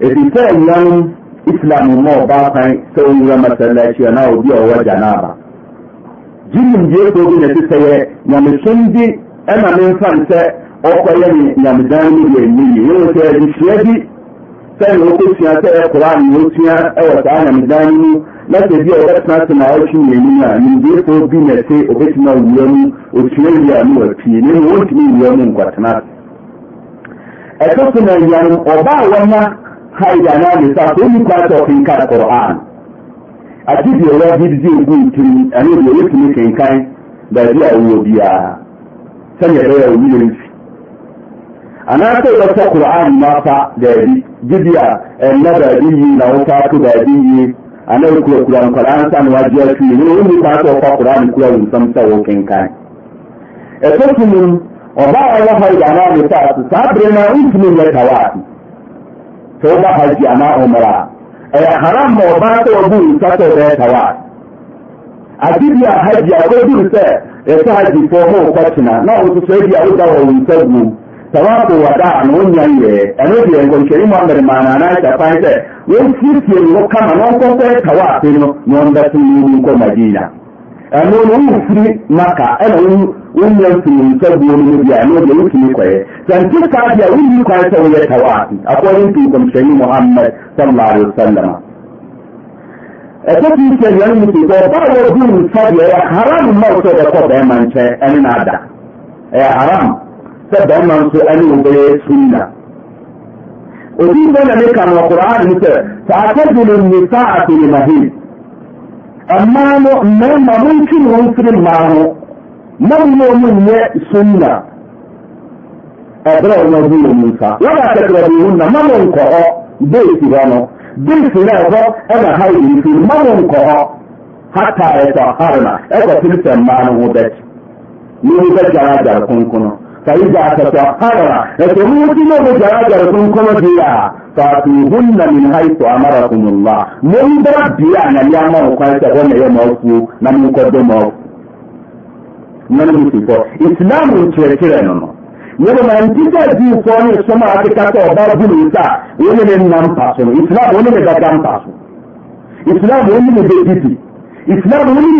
efisai yan islam ma ba kan sauran ra masallaci na obi owa janaba jirin je ko obi na ti saye nyame sundi ɛna me nfa bi mu na sɛ bi a wɔbɛtenatena ɔtwe mmienu a nimdeefoɔ na ɛte ɔbɛtumi awura mu ɔtua wie a ne wapie ne mu wɔntumi nwura mu nkɔtena ɛtɔ so na awia no haida na lissafi ni kwato kinka qur'an e, a ti biyo e ya bi zai gun tiri a ne biyo yake kinka da ji a wo biya sanya da yau yin shi ana kai wata qur'an ma fa da bi jibiya e na da yi na wata ku da yi ana ku qur'an qur'an san wajiya ku ne ni ba to fa qur'an ku yau san sawo kinka e to kun ọba ọlọ́hà ìdáná mi ta àti sábẹ̀rẹ̀ náà ń tún mi lẹ́ka wá sí tawba hajji ama umra ɛyɛ haram ma ɔbaa sɛ ɔbu nsa sɛ ɔbɛyɛ tawa ade bi a hajji a wɔduru sɛ ɛsɛ hajji fɔ ma ɔkɔtena na ɔsoso ebi a woda wɔ nsa gum tawafo wada na onya yɛ ɛno deɛ nkɔnhyɛni mu amere maana na ahyɛ kwan sɛ wɔnsiesie ne ho kama na ɔnkɔkɔɛ tawa ase no na ɔmbɛso ne mu nkɔ madina ɛno no wofiri maka ɛna mfiri nsa buo no mu a ɛno deɛ wotumi kɔyɛ sɛ nte saa deɛ wonni kwan sɛ woyɛ tawaafi akɔre mfiri kɔmhyɛni mohammad sallallahu alaihi wasallam ɛsɛ sɛ nnuane mu sɛ ɔbaa wɔbu nsa deɛ ɛyɛ haram ma wo sɛ ɔbɛkɔ bɛrima nkyɛn ɛne no ada ɛyɛ haram sɛ bɛrima nso ɛne wo bɛyɛ sunna obi na meka no ɔkoraa ne sɛ ne mahim amaa no mmama mo ntwi ne ho mfiri mmaa ho mamo no ɔ nu nyɛ sonina ɛberɛwo nobu ɛ mu nsa wona akakrabihu nna mamo nkɔ hɔ besi hɔ no besinɛ hɔ ɛna hadem firi no mamo nkɔ hɔ hata ɛsɔ hare na ɛkɔpemi sɛ mmaa no ho bɛte nomu bɛgyareagyar konkro no n ك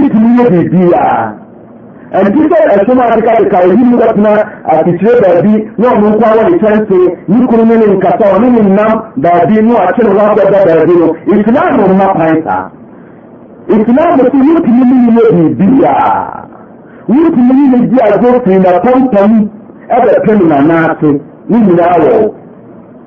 الله سn And people assume Africa dị ka ohiri wepụna atitire baabi na ọmụnkwa wọle kyɛnse ne kuru ne ne nkata ɔne ne nam baabi ne wakye ne wakɔda baabi no islam mma kwan saa islam so wotumi ne yɛ biribia wotumi ne yɛ di agorɔ firi na pɔmpam ɛbɛpem nanaase ne nyinaa wɔ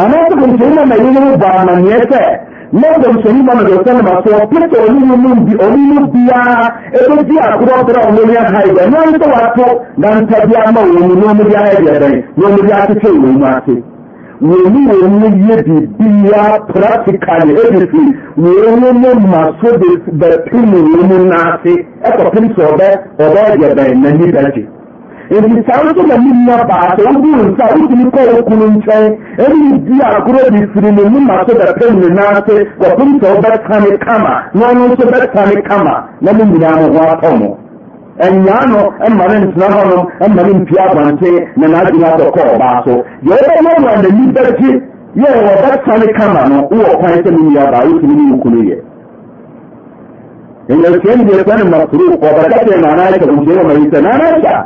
anaa sɛbo nhyɛnima na yeno mu bɔamanneɛ sɛ na bɔ nhyanima ma jerusalma so ɔpe sɛ ɔnemommbi ɔnomu biaa ɛbɛzyi akorɔborɔ a wɔ niahada na n sɛ woato danta biama wɔ mu no ɔmu dy hadea bɛn na ɔmu dy akekyɛ wɔ mu ase wɔ mu wɔ mu yɛ dibia praktikale ede sii wɔo wa na mma so dbɛpe mo wɔ mu no ase ɛkɔpem sɛ ɔbɛ ɔbɛadea bɛn na ni ba gye nti saa nso na munnua baa sɛ wobuu nsaa wotumi kɔ o kunu nkyɛn ɛnebi agorɔde firi no no ma so dapranune naase kwapom sɛ wo bɛsane kama na ɔno nso bɛane kama na mo nyinaa no ho atɔmo ɛnya no ma ne ntena hɔnom ma ne mpia agwanten na n'adena sɛ kɔɔbaa so dɛ wobɛmɔnoanani bɛgye yɛwɔbɛsane kama no wowɔ kwan sɛ me nua baa wotumi ne wo kunu yɛ ɛɛsuadeɛsanema foro bɛkaɛnanaya aisɛnnaya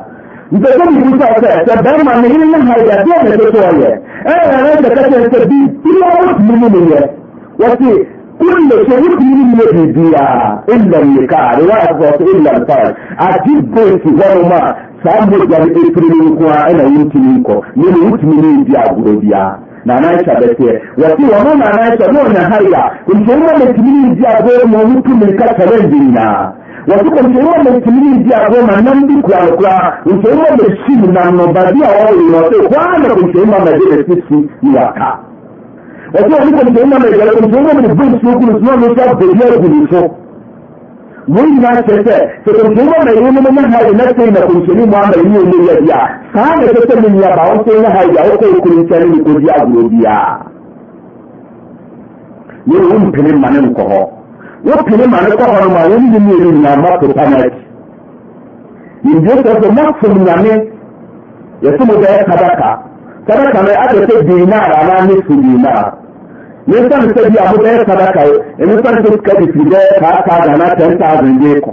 Затем не писался, тогда манерин нахайя, то это такое. Э, это как это бит, и вот мнение. Вот и كل شريك من يبيع الا النكاح روايه الا الفرج اكيد بيتي ولما samu jari ekirinin kuwa ina yintinin ko nini yintinin biya guro biya na na aisha da ke wasi wa mu na na aisha mu na haida in ce mu da timinin biya guro mu mutumin ka karen dinna wɔte kɔnanim matumimedi agorma nam bi kuranokoraa knanim masi mnam nɔ babi a wnɔsɛkana kɔmanim amade nɛse si mapa tne kani m maaaimaebosuogɔbi au nu so mɔnina akyɛ sɛ sɛ konannim amayenomona hade na sei na konhyanim amaniɛmabia saa na ɛsɛ sɛmeniaba wosena ha wokɔɔkono kya ne nkɔdi agorɔ bia neeɛwompɛne ma ne nkɔ hɔ wophene mane ma yɛn ne mienu nyinaa to panaki nimdie sɛ so mosom nyame yɛso mo bɛyɛ sadaka sadaka no adɛ sɛ dinar anaa ne so dinar ne nsane bi a mobɛyɛ sadaka ɛno nsane sɛ sika fifiri bɛyɛ kaa thousand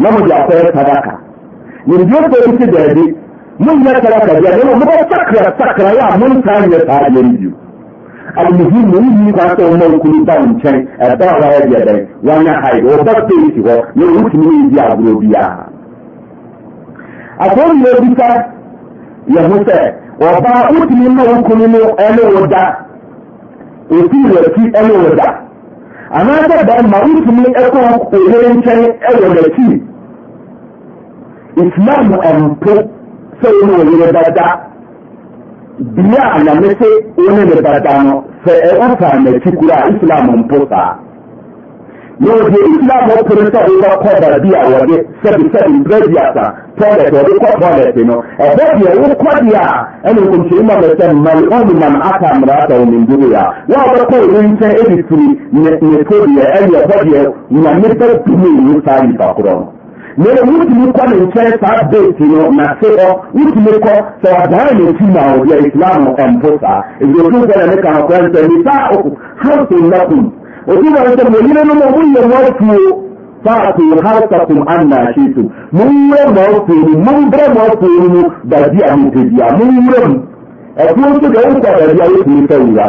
na mode akɔyɛ sadaka nimdie sɛ bi te daabi monyɛ sadaka bia ne ma mobɛsakra a almuhimmu yi ka so mo nchen e ba ya dia dai wa na hai o ba ye ru ni di agro bi ka ya ho se o ba da ana ma ni nchen islam da bia a anyame se wo e e e, ne ne bɛda no sɛ ɛosaa n'kyi kuro a islam mpo saa ne o deɛ islam opore sɛ wobɛkɔ ba bi a wɔde sɛbe sɛb npravias a toilet wɔdekɔ toilɛt no ɛbɔ deɛ wokɔdeɛ a ɛne nkɔmhyɛima mɛsɛ malonu ma no ata mmaraasa wo nimdiree a woa bɛkɔɔ ne nkyɛn di firi ne tɔ deɛ ɛneɛ ɛbɔdeɛ nwame ba dumue no saa nnipa korɔ no lele wotumi kɔ ne nkyɛn saa beeti no n'ase hɔ wotumi kɔ sɛ wadaa ne ti ma o deɛ islam ɛmpo saa ebi otu sɛ ne ka akɔrɔ nsɛm nisa o hausin lakum otu sɛ nsɛm wɔn yire no mo mo yɛ wɔn tuo faatu hausakum anna shiitum mo n wura mo tuo mu mo n bɛrɛ mo mu baabi a mo te bia mo n wura mu ɛtuo nso deɛ o kɔ baabi a o tumi fɛ wura.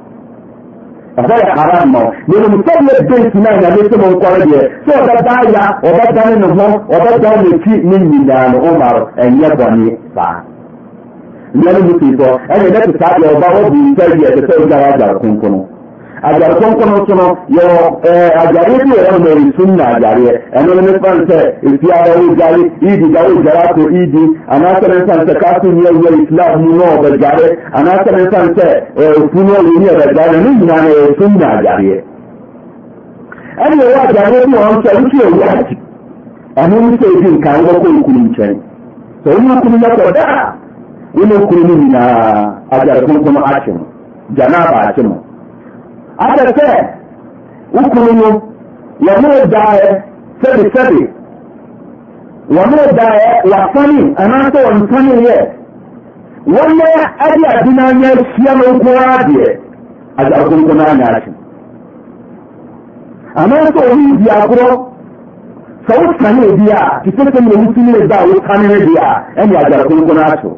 غير حرام لأنه مطلب بيت ما يعني بيت من قرية سوى تبايا وبدأ منهم وبدأ من في من ميلان عمر أن يبني فعلا lẹ́nu mi ti sọ ẹni lẹ́tù sáà yọ ọba wọ́n bu ìgbà yìí ẹ̀sẹ̀ tó ń jára jà kúnkún. ar kk aarɛ ɛnn ajarɛ ɛn arawoare daoardi aaeislau are annsu inna ajarɛ ɛaarɛ ɛn kkc aa en yia aar aca aka ce ukulunu wa mu daya sabi sabi wa mu daya wa sani ana to wa sani ye wanne adi adina nya siya no ko adie az akun kuna na rashin ana to wi bi akro sau sani biya ki sai kan ne mutune da wa sani biya ani az akun kuna to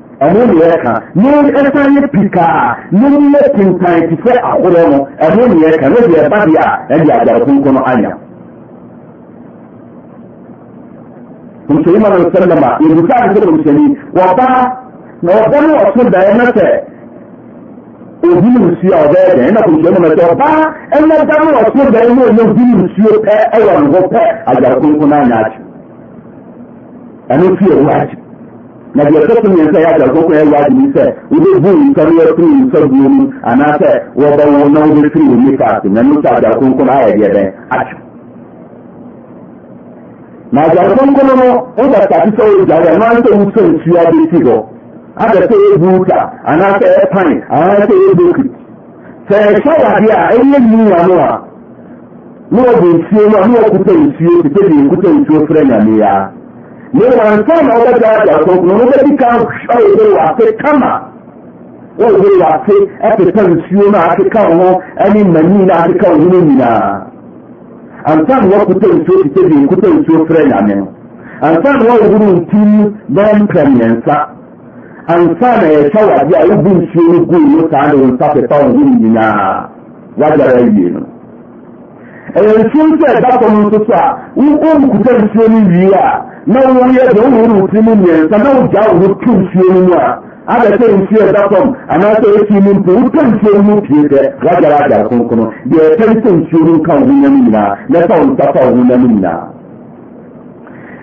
ɛnonɛka esanyɛ pikaa nanima te ntane te sɛ ahorɔ no ɛna onɛka ne de ba deɛ a ɛde adgarkronkro no anya aimanesama usane sɛ kani baaɔba ne a sodaɛ na sɛ ɔbunomsuo a ɔbɛyɛden na aiasɛ ɔbaa ɛnada n sodaɛ na na bu nomsuo pɛ wɔ ne ho pɛ adwarkonkro no anya kye ɛno sɛwɔayi na deɛ ɛsɛ sɛm yɛ sɛ yɛagya nkɔkɔ ɛyɛ sɛ wobɛbu nsa no yɛto nsa buo mu anaasɛ wɔbɛwo na wobɛfiri wo nifa ase na no sɛ agya ayɛ deɛ bɛn atwe na agya no sɛ sɛ wosɛ nsuo abɛsi hɔ sɛ ta anaasɛ ɛpan anaasɛ sɛ ɛhyɛ a ɛyɛ no a na nsuo no a na wɔkuta nsuo te sɛ deɛ Meanwhile, some other guys are so nobody can show you what they come at. Wọ́n ìwé wà pé ẹ pèpè nsuo náà akeka wọn ẹni mẹ̀mí náà akeka wọn nyinaa. Àǹtán wọ́n kuta nsuo ti tẹ̀bi nkuta nsuo fẹ́rẹ̀ nyàmé. Àǹtán wọ́n wúru ntí bẹ́ẹ̀ mpẹ̀ mìẹ̀nsa. Àǹtán na ẹ̀ṣá wàdí a ebu nsuo ní gu ìlú sáà ní wọn nsa pèpè wọn nyinaa. Wájà rẹ̀ yìí nù ɛyɛ nsuo nso a ɛda fam nso so a wokɔ nkuta nsuo no wie a na woyɛ deɛ wohoro wo tirim mmiɛnsa na wogyaa wo ho to nsuo no mu a abɛsɛ nsuo ɛda fam anaasɛ ɛsi mu mpo wotɔ nsuo no mu pie dɛ wagyara agyara kronkrono deɛ ɛtɛn sɛ nsuo no nka wo ho nyam nyinaa na ɛfa wo nsa fa wo ho nyam nyinaa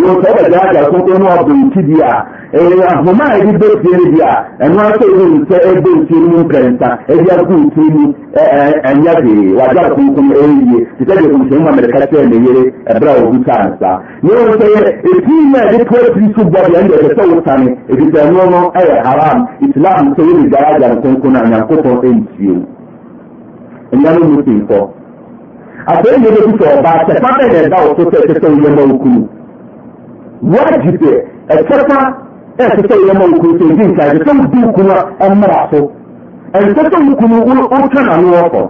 yóò tọ́ da gyaagya so ɛnu abɔ nti bi a ɛyɛ ahoma a yɛde bɛ fie no bi a ɛnu asɛ ɛyɛ nsɛ ɛbɛ nsuo no mu mprɛnsa ɛbi akɔ nsuo mu ɛɛ ɛnya bee wagya kunkun ɛyie te sɛ deɛ nsuo mu amɛrika sɛ ne yere ɛbrɛ a ogu taa nsa yɛn sɛ yɛ efi na yɛde tɔ ɛfiri so bɔ deɛ ɛyɛ sɛ wotane ebi sɛ ɛnu no ɛyɛ haram islam sɛ yɛde gyaagya kunkun a nyankopɔn ɛnsuo ɛnyɛ no mu si nkɔ afei yɛ bɛ bi sɛ ɔbaa sɛ fa bɛ na ɛda wɔ so sɛ ɛsɛ sɛ woyɛ ma okunu waajibke etcetera etetayamay kuusaydinkaaga sawdiinkuna an maraxso etatawkunu urkan anuwako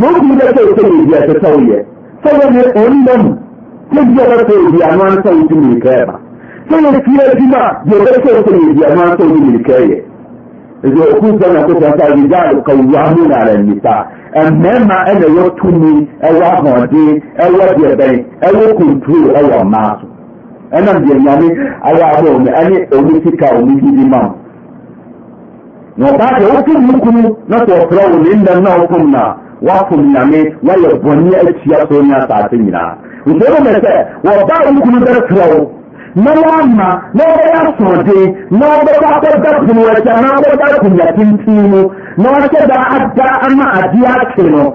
yowkiidakaytayediya tatawiye tawene onnan tayiyadakayediyamaan sawdi milkeeba tawene kiyajima yodakaytayediyamaan sawdi milkeeye ìjọ́kúsọ́nàkóṣọ́sọ́rìjáàlù kọ̀wàmúnà rẹ̀ nìta ẹ̀mẹ́mà ẹ̀nà yóò túnmi ẹwà hàn dín ẹwà bẹ̀rẹ̀ ẹwà kòtò ẹwà máa sùn. ɛnam deɛ nyame ayɛ abɔ ɔmo ɛne ɔmo sika ɔmo gidi ma na ɔbaa deɛ wɔfom ne kunu na sɛ ɔfrɛ wo ne nnam na wɔfom na wɔafom nyame wɔayɛ bɔne akyia so ne asase nyinaa nti ɛbɔ mɛ sɛ wɔbaa wo kunu bɛrefrɛ wo na wɔama na wɔbɛyɛ asoɔden na wɔbɛkɔ akɔda pono akyia na wɔbɛda akonnwa tenten mu na wɔahyɛ da ada ama adeɛ akye no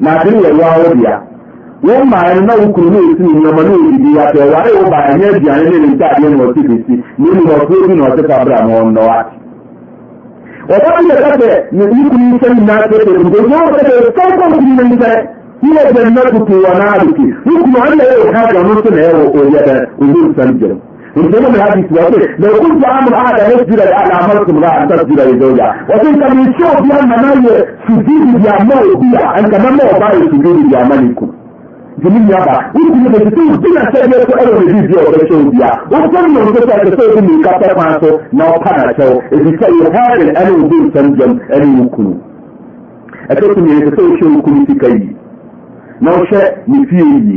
na-atụrụ ya ruo ahụ dị ya wọ́n máa ń náwó kùnú ní na ìyẹn ọmọ ní òdìdí yàtọ̀ ẹ̀wà rẹ̀ ó bàa ẹ̀yẹ́ di na lè dá àyẹ́ nìwọ̀n síbi sí nínú ọ̀tún òbí náà ṣẹ́ta abúlé àwọn wa. ọ̀pọ̀ bí ẹ̀ka tẹ̀ ní ikú na sẹ́yìn náà tẹ̀ tẹ̀ ǹdọ́ يقول الحديث يقول لو كنت امر احد ان يسجد لامرت امراه ان تسجد لزوجها وتلك من الشوق بان ما سجود بيعملوا بها ان كمان ما وضعوا سجود بيعملكم jinin ya ba wani jini da jikin suna sai ne ko ero da jijiya biya wani kan yau da sai da sai ne na fara ta idan sai a shi yi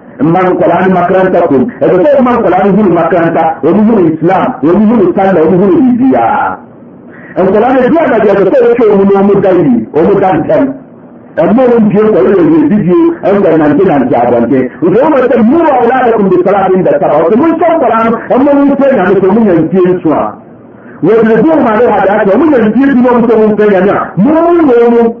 man kwalani makaranta ko e ko sai man kwalani huru makaranta wani huru islam wani huru sallah wani huru bibiya en kwalani duwa da ya ko sai ko mu mu dai o mu dan tan amma mun je ko ne ne bidiyo an da nan kina ji abante ko mu ta mu wa ulaikum bi salatin da tara ko mun san kwalani amma mun sai na ko mun yanke suwa wa da duwa ma da hada ko mun yanke duwa mun san mun kai yana mu mun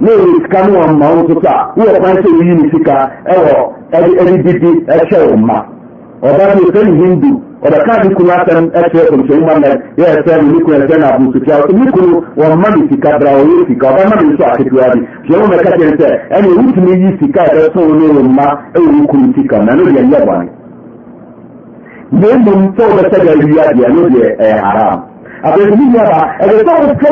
ikama woɛwo wan sɛoyino sika ɔeidi kyɛ wo ma ɔaesɛne hindu ɔɛka e kunu aɛm kerɛɛe k ma me ikarɔkaɛmaesakeiaɛɛnewotuii kaɛma ɔkuika yɛ ɔne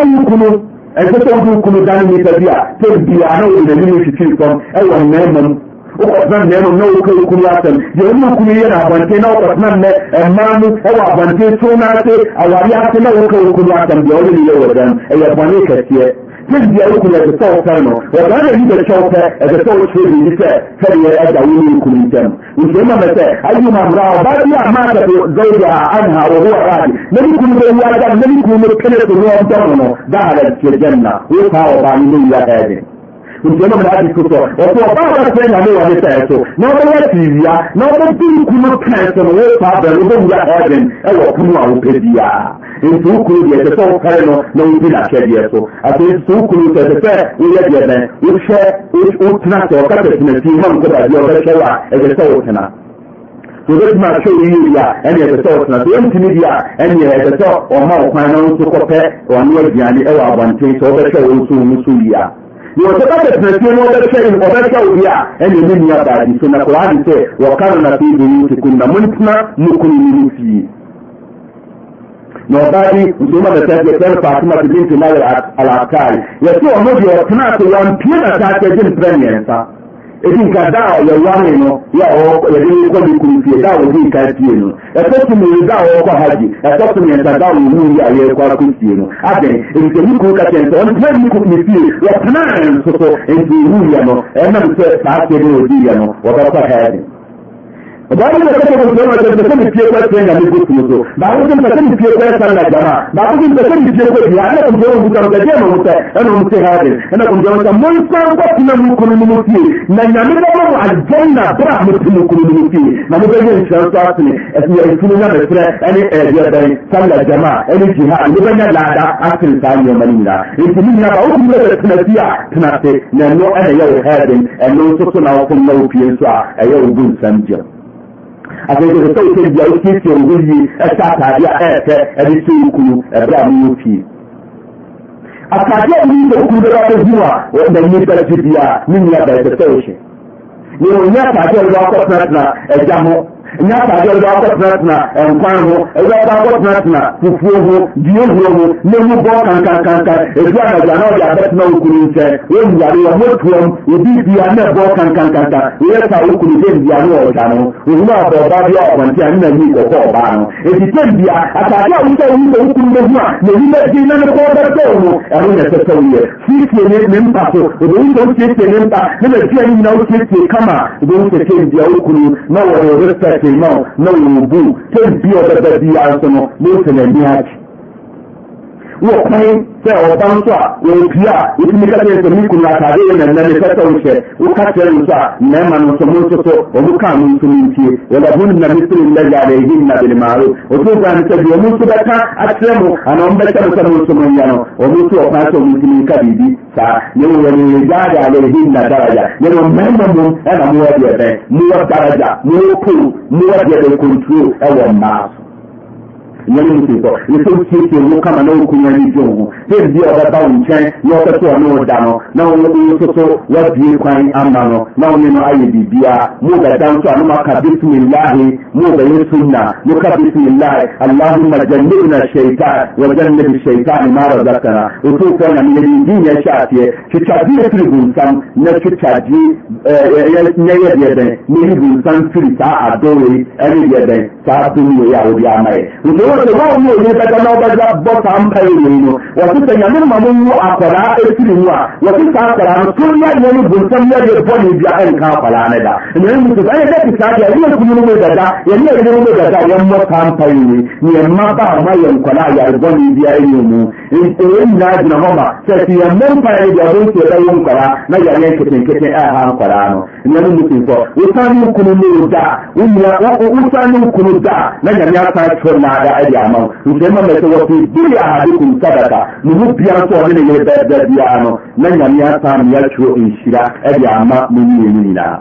dsɛwoɛsɛeɛ ɛsɛ sɛ wode wo kunu dane nnipa bi a sɛ bia na wode n'anim hwitwii fam ɛwɔ mmarima mu ukwasan da yano na uka yi kuma yasan yanzu hukumi yana bante na ukwasan ne emanu ewa bante tona ce a wari yasan na uka yi kuma yasan da wani ne wadan ya bane kasiye kin biya uku ya ta sauka no wa ba da ni da sauka ya ta sauka ce ni ta sai ya da wani kuma tan in sai ma mata ayyu ma mura ba ya ma da zauja anha wa huwa radi nabi kuma da ya da nabi kuma kana da ruwan dan no da halal ke janna ko ka wa ba ni ya ta ntinomnaade ko sɛɔbɛbase nyanewɔne sɛe so na ɔbɛyɛ tewia na obɛdi nku no tae sɛ no wo saben wobɛnuahaden wɔ ponu a wopɛ bi a nti wo kunu deɛ ɛkɛ sɛ wokare no nawobi nkɛdeɛ so asetisɛ woknusɛɛɛ sɛ woyɛ de bɛn wowotenasɛ katatena fi ha nkbabi ɔbɛwɛw a ɛɛ sɛ wo tena ɛ obatumi aɛ oyiyei a ɛneɛɛoeasɛwontumi bi a ɛne ɛkɛ sɛ ɔma o kwan no nso kɔpɛ anoauane wɔ abɔntesɛ wobɛwɛ wo si ne wotopata tunakio n'ogatta ogatta olya enene niyabaadiso nakulaabi te wakarna fi buyutikunna mulitima mukunyumiti no fie na tafiya tsayin fatima da binti mawar al'akari ya ce wa mabiya tana ta yawan fiye da ta ce jin premier sa èti nka da a yɛware no yɛ a wɔkɔ yɛde kɔ ne kurufie da a wɔde nka tie no ɛtɔ so mmienu da a wɔkɔ hajj ɛtɔ so mmiɛnsa da a wɔhu yi a yɛrekɔ akɔsie no adɛn nti ɛmu kuru kakyɛ nsɛ ɔno tena ne kuru ne fie wɔtenaa nso so nti ɛhu yɛ no ɛnam sɛ saa aseɛ ne wɔdi yɛ no wɔbɛkɔ hajj ba ni da kake da wani da kake fiye ko ta yana muku mutu ba ku da kake fiye ko ta na jama ba ku da kake fiye ko ya ana kun jawo mutar da jema mutar ana mun sai hade ana kun jawo ta mun san ko kuma mun kun mun mutu na na mun da mu aljanna bra mutu mun kun mun mutu na mun da yin shan ta ne asu ya kun na da fira ani eh ya da sallah jama ani jihad mun da lada asil ta ne mani na in kun na ba ku da tunasiya tunate na no ana yau hadin annon su suna kun laufiyin su a yau gun sanjiya asaesɛ tawoka mbia osietia wohore yi ɛsɛ ataade a ɛɛsɛ ɛdesɛ wokuru ɛberɛa mo mo pie atade a moisɛokuru bɛbakazu a nami ba dubiaa me nia basɛ tɛwo hwɛ mene onya ataadea nebaakɔtena tena ɛgya mo nyɛ ataadeɛ ɔde akɔ tenatena nkwan ho ɛde ɔde akɔ fufuo ho duohuo ho n'emu bɔ kankankankan ebi anagya na ɔde abɛtena okuru nkyɛn wɔnyare wɔn motuam obi bia na ɛbɔ kankankankan wɔyɛ saa okuru dɛm bia na ɔda no ohun abɔ ɔbaa bi a ɔbɔnten a ne na yi kɔkɔ ɔbaa no eti dɛm bia ataadeɛ a wosɛ ohun sɛ okuru bɛ hu a na eyi bɛ di na ne kɔɔ bɛ tɔw no ɛho na ɛsɛ sɛ woyɛ siesie ne ne mpa so obɛhun sɛ osiesie ne mpa ne na fia ne nyinaa osiesie kama obɛhun sɛ kɛn bia okuru na wɔyɛ respect ẹ̀sìn náà náà wò bú tẹ́lẹ̀ ọ̀dọ́dọ́ di aṣọ náà ló ṣẹlẹ̀ ní àjì. owɔ kwane sɛ ɔpan nso a ɔpia a wotumi kafe sɛ me kunu atadeɛnamna ne pɛsɛ wo hyɛ woka kyerɛ no so a mmaima no nsomo noso ɔmo ka mo nso mo ntie ɔabonena mesere mɛ yaaa hin na benemaaro ɔtoesɛd ɔmo nso bɛka akerɛ mo anaaɔmbɛkɛ no sɛ mo nso mo yɛ no ɔmo noan sɛɔmo ntimi nka biribi saa newɔ wneɛgya de ala him na daraya nɛnemaima mom ɛna mowdeɛ bɛn mowabaragya moɔ po mowadeɛ bɛ kontrol wɔ mmaaso nyɛne mu sesɔ ne sɛ wotiesie wo kama na wokonya ne dwom ho dɛ bia ɔbɛba wo nkyɛn na ɔpɛ sɛ ɔne wo da no na wo so so woabue kwan ama no na wo ne no ayɛ biribiaa mo bɛda nso a no maka bismillahi mo bɛyɛ sunna no ka bismillahi allahumma jannibna shaitan wa jannibi shaitan ma razaqtana ɔtoo sɛ nyame yɛde din yɛ hyɛ aseɛ twitwadeɛ firi bunsam na twitwadeɛ nyɛyɛ deɛ bɛn ne bunsam firi saa adɔwei ɛne deɛ bɛn saa dom wei a wode ama yɛ nti sɛ wɔn mu bɛka na wɔbɛgya bɔ saa mpa yi wɔ mu wɔte sɛ nyame ma mo mu akwadaa ɛfiri mu a wɔte saa akwadaa no to nyɛ deɛ no bonsam nyɛ deɛ bɔ ne bia ɛnka akwadaa no da nyame mu sɛ ɛyɛ dɛ te saa deɛ ɛne yɛkunu no mu dada yɛne yɛkunu no mu dada yɛmmɔ saa mpa yi wɔ mu ne ɛmma ba nkwadaa yarebɔ ne bia ɛnyɛ mu ɛyɛ mu sɛ ayɛ ama wo nsɛmma mɛ sɛ wɔpɛ biri ahadikum sadaka ne mu bia nso ɔne ne yere bɛda biara no na nyame asa ne yɛatwerɛ nhyira ɛde ama mo mmienu nyinaa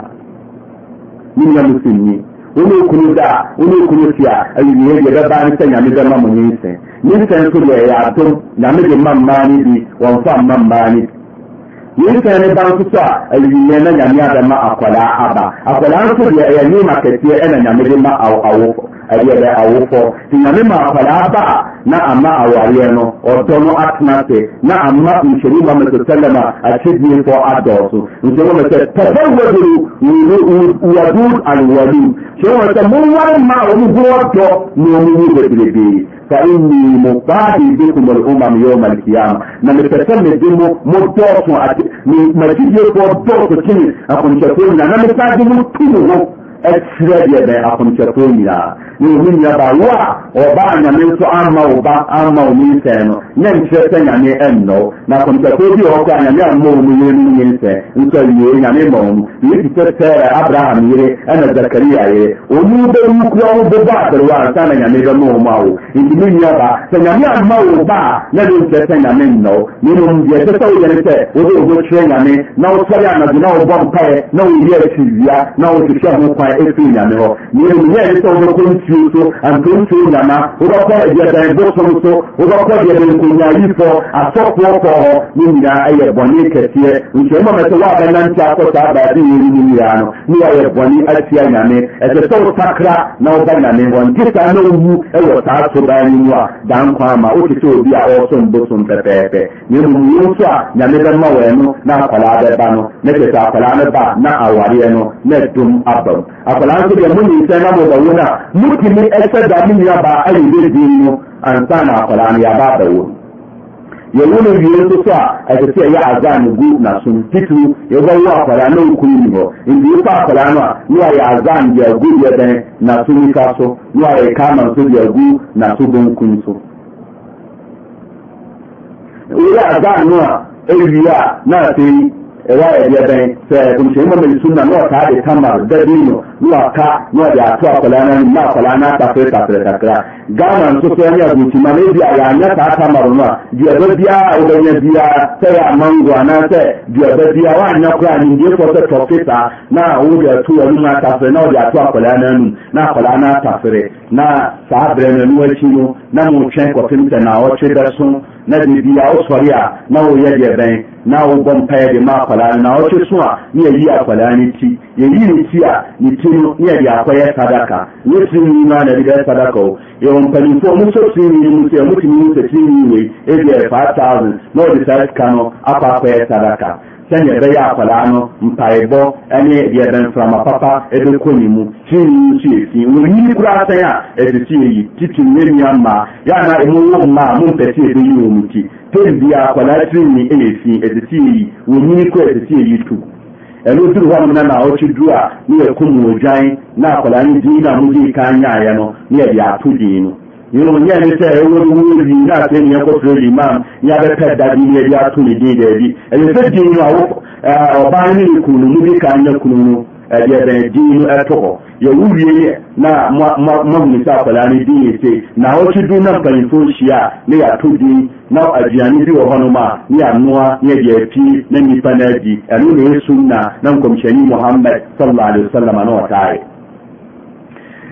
ne nyina muslimni wone kunu da wone kunu tia awiwie deɛ bɛbaa ne sɛ nyame bɛma mo ne nsɛn ne nsɛn nso deɛ ɛyɛ atom nyame de ma mmaa ne bi wɔmfa mma mmaa ne bi yɛnsɛn ne ba nso so a awiɛ na nyame adama akwalaa aba akwalaa nso deɛ ɛyɛ nema kɛseɛ ɛna nyame de ma awofo awo t name makalaa baa na ama awareɛ no dɔno atenase a ama sri al asbye ɔ aso sɛ tasawd wadud alwalim owarma o dɔ w birbee faini mubaهi bekum loman ym اlkama amepɛsɛ mesbe o n f ea mo ɛkyerɛ deɛ bɛn akomkyɛfoɔ nyinaa ne ɛhu nyaba wo a ɔbaa nyame nso ama wo ba ama wo ninsɛn no na nkyerɛ sɛ nyame ɛnnɔ wo na akomkyɛfoɔ bi ɔwɔ kɔ a nyame amma wo mu yere no nyinsɛn nso awie nyame ma wo mu ne ti sɛ sɛra abraham yere ɛna zakaria yere ɔmu bɛwu kura wo bɛbɔ aberewa ansa na nyame bɛma wo mu awo nti ne nyaba sɛ nyame amma wo ba a na ne nkyerɛ sɛ nyame nnɔ wo ne nom deɛ ɛsɛ sɛ woyɛ ne sɛ wode wo ho nyame na wosɔre anadwo na wobɔ mpaeɛ na woyɛ akyi na wohwehwɛ ho kwan ɛtu nyame hɔ nea ɛmunyɛ ɛde sɛ wobɛkɔ nsuo so anka nsuo nyama wobɛkɔ aduadan bosom so wobɛkɔ deɛ benkonyayifoɔ asɔfoɔ kɔ hɔ ne nyinaa ɛyɛ bɔne kɛseɛ nhyɛmma mɛ sɛ woabɛnante akɔ saa baabi yɛri no nyinaa no ne woayɛ bɔne atia nyame ɛsɛ sɛ wotakra na woba nyame hɔ nte saa na wowu ɛwɔ saa so no mu a daa ama wote sɛ obi a ɔresom bosom pɛpɛɛpɛ na mmom wo nso a nyame bɛma wɔ ɛno na akwalaa bɛba no na kyɛ sɛ akwalaa no ba na awareɛ no na ɛdom aba akwalanso deɛ mo nyinsa na mo bɛwo no a motumi ɛsɛ da ne nua baa ayɛ bɛdin ansa na ya ba yɛaba bɛwo yɛwo no wie nso so a ɛsɛ sɛ ɛyɛ azan no gu nasom titiri yɛbɛwo akwadaa no nkuru ni hɔ nti wofa akwadaa no a ne ya azan de agu deɛ bɛn naso nifa so ne wayɛ kama nso de agu naso bonkum so woyɛ azan no a na afei ɛwɔ ayɛdeɛ bɛn sɛ komisɛni mɔmɛli sunna na ɔtaa de tamar dabino na ɔka na ɔde ato akwadaa no anim na akwadaa no atafere tafere kakra ghana nso so ɛne aburukyima na ebi a yɛanya saa tamar no a duaba biara a wobɛnya biara sɛ yɛ amango anaasɛ duaba biara woanya koraa nimdiefoɔ sɛ tɔfe saa na wode ato anom atafere na ɔde ato akwadaa no anom na akwadaa na saa berɛ no anom akyi no na motwɛn kɔpem sɛ na ɔtwe bɛso de bia wosɔre a na woyɛ deɛ bɛn na wobɔ mpa yɛde ma akwaraa no na ɔtwe so a ne ayi akwaraa no ti yɛyii no ti a ne ti no ne yɛde akɔyɛ sadaka nyɛ tiri miino anaade dɛɛsardaka o yɛwɔ mpanimfoɔ ɔmunsɔ tiriwi no mu sɛ yɛɔmotumi o mu sɛ tiri wi wei biaɛ 5000 na wode saa sika no apa akɔyɛ sardaka sɛnea ɛbɛyɛ akwadaa no mpaebɔ ne deɛ bɛmframa papa bɛkɔ ne mu tirinwi nso yɛ fi wɔnyini koraa sɛn a ɛde si yɛyi titim ne nua mmaa yɛana ɛmu mmaa a mompɛ sɛ ɛbɛyi wɔ mu ti tem bia akwadaa tirinwi ɛyɛ fi ɛde si yɛyi wɔnyini ɛde si yɛyi tu ɛno duru na na ɔkye duru a ne na akwadaa no din na ka nyaeɛ no ne yɛde ato din no yonyene sɛɛwo wurina asɛnea kɔfrɛ limam yɛbɛpɛ dadeɛ bi ato ne din daabi ɛyɛ sɛ din no a wo ɔbaa ne ne kunu mu bi kan na kunu no ɛdeɛ bɛn din no ɛto hɔ yɛwo wie na moahunu sɛ akwadaa no din yɛ se na wɔtwe du na mpanyimfoɔ nhyia a ne yɛato din na aduane bi wɔ hɔnom a ne yɛanoa ne yɛde api na nnipa no adi ɛno na ɛsum na na nkɔmhyɛni mohammad sallallahu alaihi wasallam na ɔtaeɛ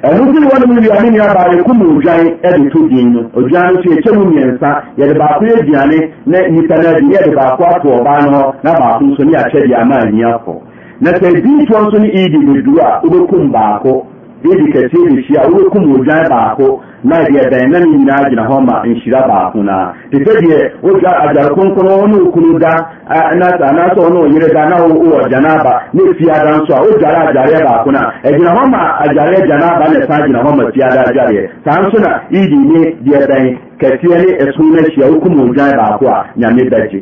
ɛno sine wɔnom wia ne nuabaa yɛ komu odwan ɛde to din no oduan ne nso yɛkyɛ mu niɛnsa yɛde baako yɛ aduane na nitanoadi ne yɛde baako atoɔ ɔbaa no hɔ na baako nso ne yakyɛde amaa nnia fo na sɛ adin toɔ nso ne iyidi bɛduru a wobɛkum baako ebi kɛse ehyia wokum odwan baako na deɛ bɛn na ne nyinaa gyina hɔ ma nhyira baako na te deɛ wogya agyare kronkron ɔne okunu da anaasɛ anaasɛ ɔne ɔyere da na wowɔ gyanaba na fiada nso a wogyare agyareɛ baako na ɛgyina hɔ ma agyareɛ gyanaba na ɛsan gyina hɔ ma fiada agyareɛ saa nso na idi ne deɛ bɛn kɛseɛ ne ɛso no ahyia wokum odwan baako a nyame bɛgye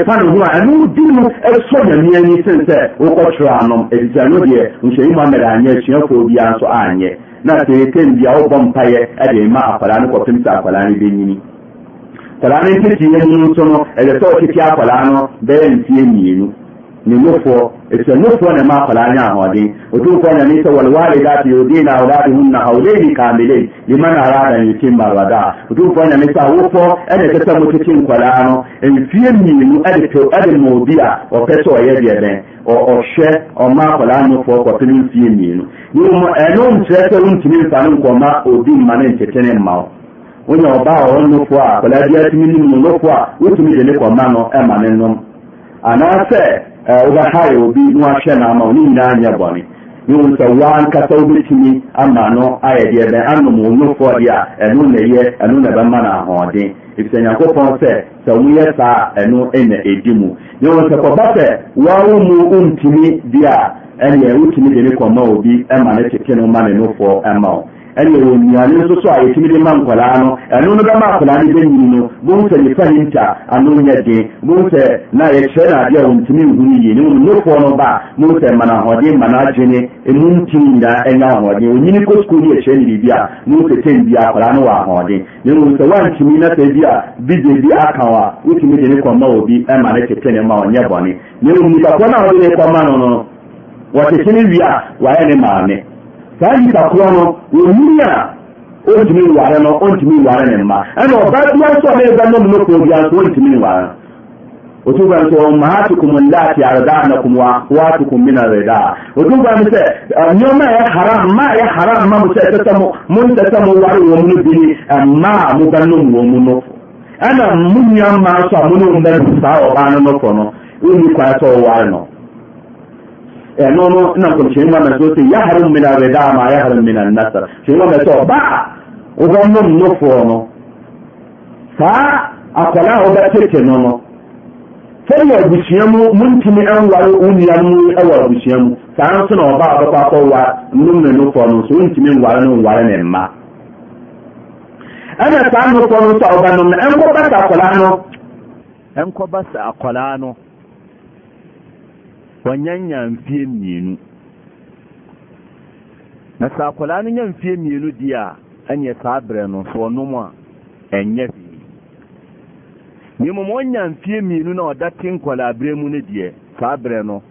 nnipa ne ho a ɛno di no ɛsɔ nyame ani sen sɛ wokɔtwerɛ anom ɛfiri sɛ ɛno deɛ nhyɛni muhammad anyɛ asuafoɔ biara nso anyɛ na afei tem bia wobɔ mpayɛ ɛde ma akwadaa no kɔpem sɛ akwadaa no bɛnyini akwadaa no mpete ani nso no ɛsɛ sɛ ɔtete akwadaa no bɛyɛ mfie mmienu للنخوة النخوة أنا ما فلان يعمل وتوفى أنا ليس والوالدات يدين أولادهن حولين كاملين لمن أراد أن يتم الوداع وتوفى أنا ليس وفى أنا تسمى تتم فلانو إن في من أدت fo mmienu obi a akwadaa bi atumi a de ne no ne wobɛhae obi na wahyɛ no ama wo ne nyinaa nyɛ bɔne ehu sɛ woa nkasa wobɛtumi ama no ayɛ deɛ di a ɛno na ɛyɛ ɛno na ɛbɛma no ahoɔden ɛfisɛ nyankopɔn sɛ sɛ woyɛ saa ɛno ɛna ɛdi mu ehu sɛ mu di a ɛneɛ wotumi de ne obi no ma ne ɛne wɔnuane nso so a yɛtumi de ma nkwadaa no ɛno no bɛma no bɛnyini no sɛ ano nyɛ na yɛkyerɛ no adeɛ a wɔntumi yie ne mu nofoɔ no ba sɛ ma ahoɔden ma no ɛmu ntim nyinaa ɛnya ahoɔden onyini kɔ sukuu no biribi a bohu sɛ tɛm bi akɔlaa no na mmom sɛ woantumi na sɛ bi a bigye bi aka a wotumi de ne bi ma na mmom no a ne kɔma no no saa nnipakorɔ no wɔnyin a ɔntumi nware no ɔntumi nware mma ɛna ɔbaa bia nso a mɛɛbɛnom no na bia nso ɔntumi nware no na nso ɔmmahatukum ndati ardanakum wa akhwatukum min arridaa otumba mi sɛ nneɛma ɛyɛ haram mma ɛyɛ mo mo mo mo mma a mu mo nono ina ko shin wannan so ya harum min ar ya harum min an-nasr shin wannan to ba ugon nun no fono fa akwala tete nono ya mu mun tini an wari mu awar bushiya mu suna ba ba ba ko wa so ntumi ne wanyanya mfie mmienu na sɛ akwadaa no nya mfie mmienu di a ɛneɛ saa berɛ no so ɔnom a ɛnyɛ hwee na mmom ɔnya mfie mmienu na ɔda te nkwadaa berɛ mu no deɛ saa berɛ no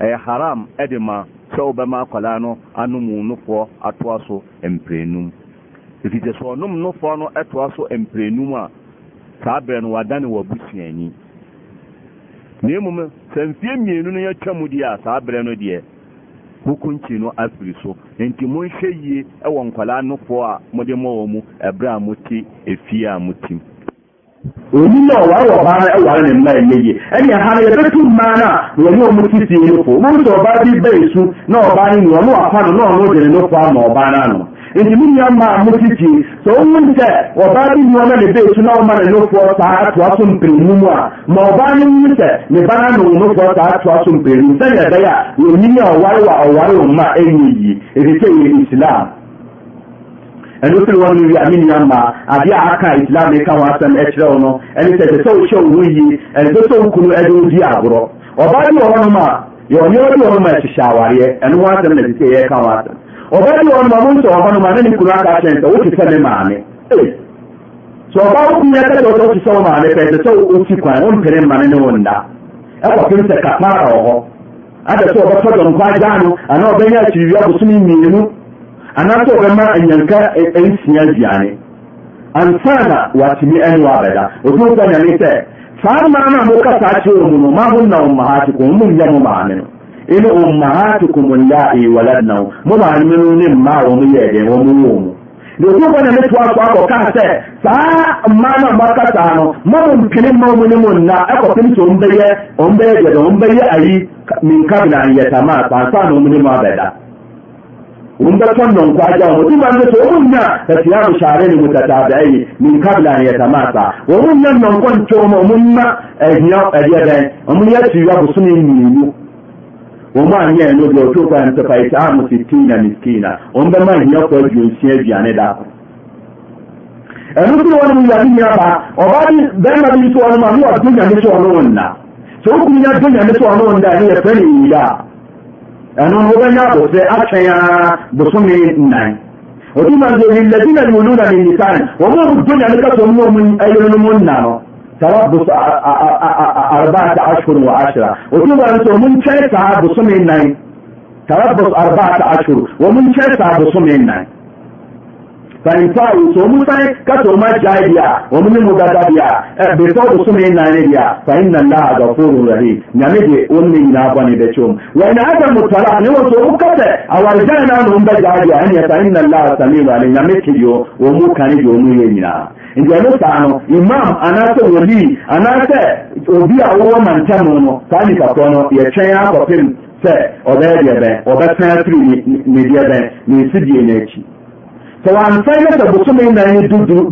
ɛyɛ haram ɛde ma sɛ wobɛma akwadaa no anom nofoɔ atoa so mprenum ɛfiri sɛ sɛ ɔnom nofoɔ no ɛtoa so mprɛnum a saa berɛ no wadane wabusuani na mmom sɛ mfie mmienu no yɛatwa mu deɛ a saa berɛ no deɛ hukunci no afiri so nti monhwɛ yie ɛwɔ nkwadaa nofoɔ a mode mmɔ wɔ mu ɛberɛ a mote efie a motim oni na ɔware ɔbaa no ɛware ne mma ɛnyɛ yie ɛne ha no yɛbɛtu mmaa no a wɔne ɔmo te fie no fo mo sɛ ɔbaa bi bɛn su na ɔbaa no nua ɔno apa no na ɔno ama ɔbaa no ano nti mi nua maa mo ti gye sɛ ohun sɛ ɔbaa bi nua na ne bee so na ɔma ne nofoɔ saa atoa so mpirinmu mu a ma ɔbaa no nyi sɛ ne ba na ne wo nofoɔ saa atoa so mpirinmu sɛdeɛ ɛbɛyɛ a wɔnyin a ɔware wa ɔware wo mma ɛnyɛ yie ɛdi sɛ yɛ islam ɛno sɛ wɔn no wie a me nua maa adeɛ a aka islam ka ho asɛm ɛkyerɛ wo no ɛne sɛ ɛsɛ sɛ wohyɛ wo ho yie ɛne sɛ sɛ wo kunu ɛde wo di agorɔ ɔbaa bi wɔ hɔnom a yɛ ɔnneɛma bi wɔ hɔnom a ɛhyehyɛ awareɛ ɛno ho asɛm na ɛdi sɛ yɛka ho asɛm obadde ono bamunsi wavano maane nikulaka sente ukisane maane a ukunyaka toto ukisawo maane pese so usikwane umpere maane niwunda ekwapimse kapara oho ate soba toga nkwajano anaobenya ekibibya busumi mirimu na muka sakiwo a mahunna omumahatiku omumbya mu maane no in ummahatukum allati waladna mo ma ni mu ni ma wo mu ye de mu wo mu de ko ko na akọ akọ sa ma na ba ka no mo mo kini mo mu na e ko tin so mbe min na ta ma pa no mu ni mo abeda wanda wannan kwaja da na ya eh ɔm ayeanoddɛpasɛ am sytiina niskina ɔmbɛmahia kɔadwuonsia aduane dar ɛno nseroɔno m ane hia ba ɔbabɛima bi so noma ne wado nyane soɔ noo nna sɛ wotunya donyane soɔ no nda ɛne yɛfane idaa ɛnonowobɛnya bosɛ atwɛa bosone nnan ɔdimantɛhiladina ununa ne nisane ɔmaam donyane kasɔno ayounomu nna no تربص أربعة أشهر وعشرة وتبقى أنتم من تسعة بصمع النايم تربص أربعة أشهر ومن تسعة بصمع النايم fantawu so mu sai ka to ma jaiya wa mun mu gada biya e be to do sume na ne biya fa inna allaha ghafurur rahim na me de wannan ina bane da ciwo wa ina aka mutala ne wato ukata awarjana no mba jaiya an ya fa na me kiyo wa ló sànù imam anáṣẹ wòlíì anáṣẹ òbí àwọn ọmọ nǹkan mu no sáà nìkan kọ́ no yẹ twẹ́n akọ̀pẹ́m sẹ ọ̀bẹ́ ẹ̀dẹ̀ bẹ́ẹ̀ ọ̀bẹ́ sẹ́n tìrì ní ìsídìí tọwansan ne sɛ bosome nan yi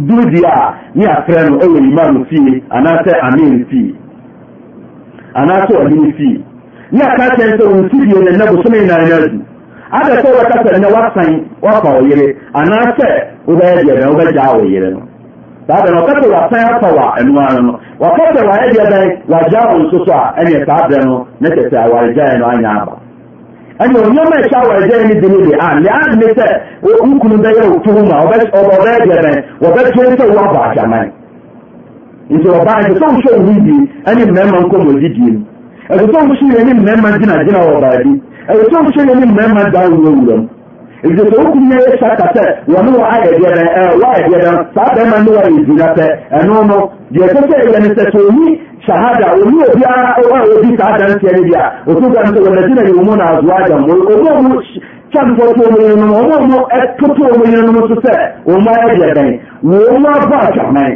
duru deɛ a ne afrɛ no ɛwɔ imam fie anaasɛ amin fie anaasɛ ɔhene fie ne aka kyɛn sɛ wɔn si die nɛnɛ bosome nan no adu ada sɛ wɔbɛka sɛ nɛ wasan wafa wo yere anaasɛ wobɛyɛ deɛ na wobɛgyaa wo yere no saa bɛn ɔka sɛ wasan afa wa ɛno ano no wɔka sɛ wayɛ deɛ bɛn wagyaa wo nso so a ɛneɛ saa berɛ no ne kyɛ sɛ awaregyaeɛ no anya aba ɛnna onyama ɛhyɛ awɔ ɛgya ni bi ni bi a lea ne sɛ nkunu bɛyɛ otuo mu a ɔbɛ ɔbɛyɛ deɛ bɛn wɔbɛtwe sɛ wɔabɔ agyaman nti ɔbaa ɛsɛ sɛ wohwɛ wo bi ɛne mmarima nkɔmmɔdi die mu ɛsɛ sɛ wohwɛ yɛ ne mmarima gyinagyina wɔ baabi ɛsɛ sɛ wohwɛ yɛ ne mmarima da wurawura mu ɛfisɛ sɛ wokum nyɛ yɛ hyaka sɛ wɔne wɔ ayɛ deɛ bɛn ɛɛ wɔayɛ deɛ saa bɛrima ne wɔayɛ gyina shahada wani obi a obi ta hada nke ne biya otu ga nke wanda dina yi umu na azuwa da mu omo mu can foto mu yi numu omo mu e, toto mu yi numu su se omo e e ya biya dai wo ma ba ta mai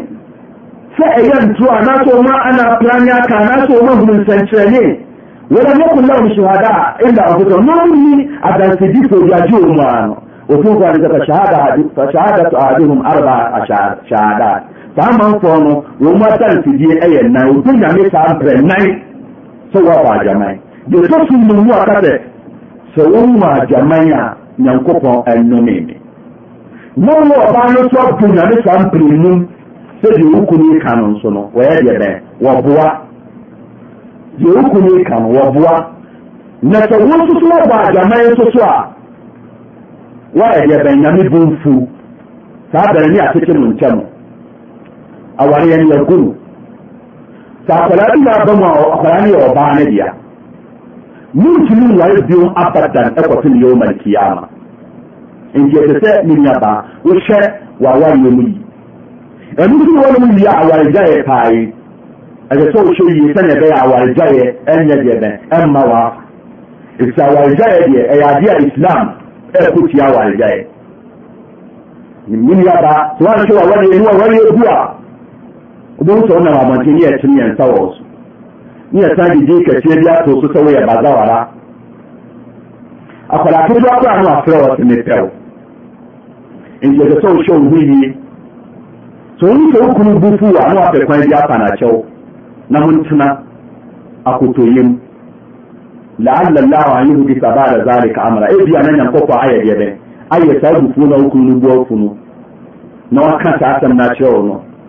se eyan tuwa na so ma ana plan ya ka na so ma mun sancire ne wala mu kullu shuhada inda abu to di so ya ji umu otu ga nke shahada saa amanfoɔ no wɔn mu adansedie yɛ nnan obi nyame saa brɛ nan sɛ wɔabɔ adwaman deɛ ɛtɔ so mu mu aka sɛ sɛ adwaman a nyankopɔn ɛnome me na wɔn ɔbaa no nso abɔ nyame saa mpirinum sɛdeɛ woku no ka no nso no wɔyɛ deɛ bɛn wɔboa deɛ ka no wɔboa na sɛ wɔn nso so wɔbɔ nso so a wɔyɛ deɛ bɛn nyame bu mfu saa bɛn atete awari yɛn yɛ guru saa akwadaa bi a ba mu a akwadaa no yɛ ɔbaa no dea mentumi nware bio abadan ɛkɔto ne yɛwɔ mane kiyama nti ɛsɛ sɛ ne nuabaa wohwɛ wawareɛ mu yi ɛno nso wɔ no mu wie awaregyaeɛ paa yi ɛsɛ sɛ wohwɛ yie sɛneɛ ɛbɛyɛ awaregyaeɛ ɛnyɛ deɛ bɛn ɛmma waa ɛfisɛ awaregyaeɛ deɛ ɛyɛ adeɛ a islam ɛkɔ tia awaregyaeɛ ne nuabaa sɛ woanhwɛ wawareɛ ni wawareɛ bu a kuma wuce wannan mamaki niyyar cin yan sawa wasu niyyar ta gidi ka ce biya to su sauya ba zawara a kwalakai ba ku anu a firawa ne fiyau in ke da sau shan wuyi so wani wa na kyau na muntuna a kutoyin la'allallahu an yi hudu ba da zalika amara e biya nan yan kofa ayar yabe ayyata rufuna hukunu buwa funu na wakansa asan na cewa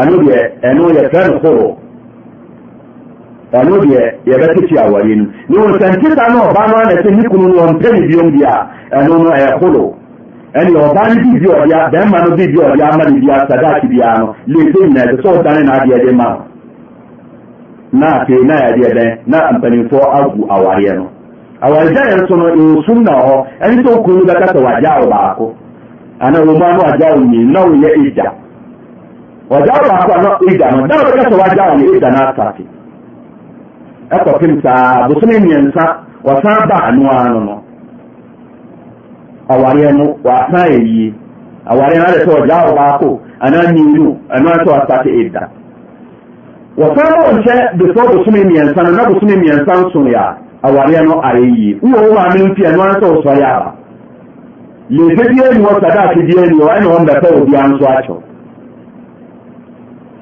anudie ɛnu yɛ fɛn koro ɛnu deɛ yɛbɛte ti no ne wo nsɛnketa no ɔba no ana sɛ ne kunu no ɔmpɛ ne biom a ɛno no ɛyɛ koro ɛne ɔba no ɔde bɛrima no ama bia sadaki biara no lete nyina ɛsɛ sɛ ɔdane ma na afei na yɛdeɛ na mpanimfoɔ agu awareɛ no nso no na hɔ ɛne sɛ bɛka sɛ baako anaa a na na woyɛ ɔgya baako a na ɛda nọ da ɔbɛka sɛ a yɛ ɛda no asase ɛkɔpem saa bosome mmiɛnsa wɔsan ba anụ no no awareɛ no wɔasan baako a sɛ wasate ɛda wɔsan bɔ nkyɛ before bosome na bosome a awareɛ no ayɛ yie wowɔ wo maame no mfi ɛno ara sɛ wosɔre aba lefe biara ni wɔ sadaake biara ni nso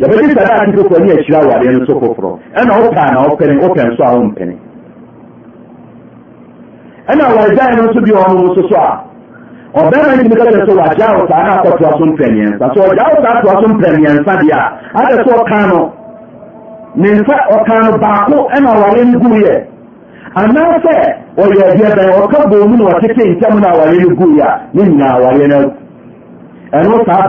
yɛbɛgye sa daa ati foforɔ ne akyirɛ awadeɛ no foforɔ ɛna na wopɛne wopɛ nso a wompene ɛna wɔagyae no nso bi ɔno no so so a ɔbɛrima no tumi kɛsɛ na toa so toa so deɛ a adɛ ɔka no ne nsa ɔka no baako ɛna awareɛ no anaasɛ ɔyɛ bɛn ɔka mu na ɔtete na awareɛ no a ne nyinaa awareɛ no ɛno saa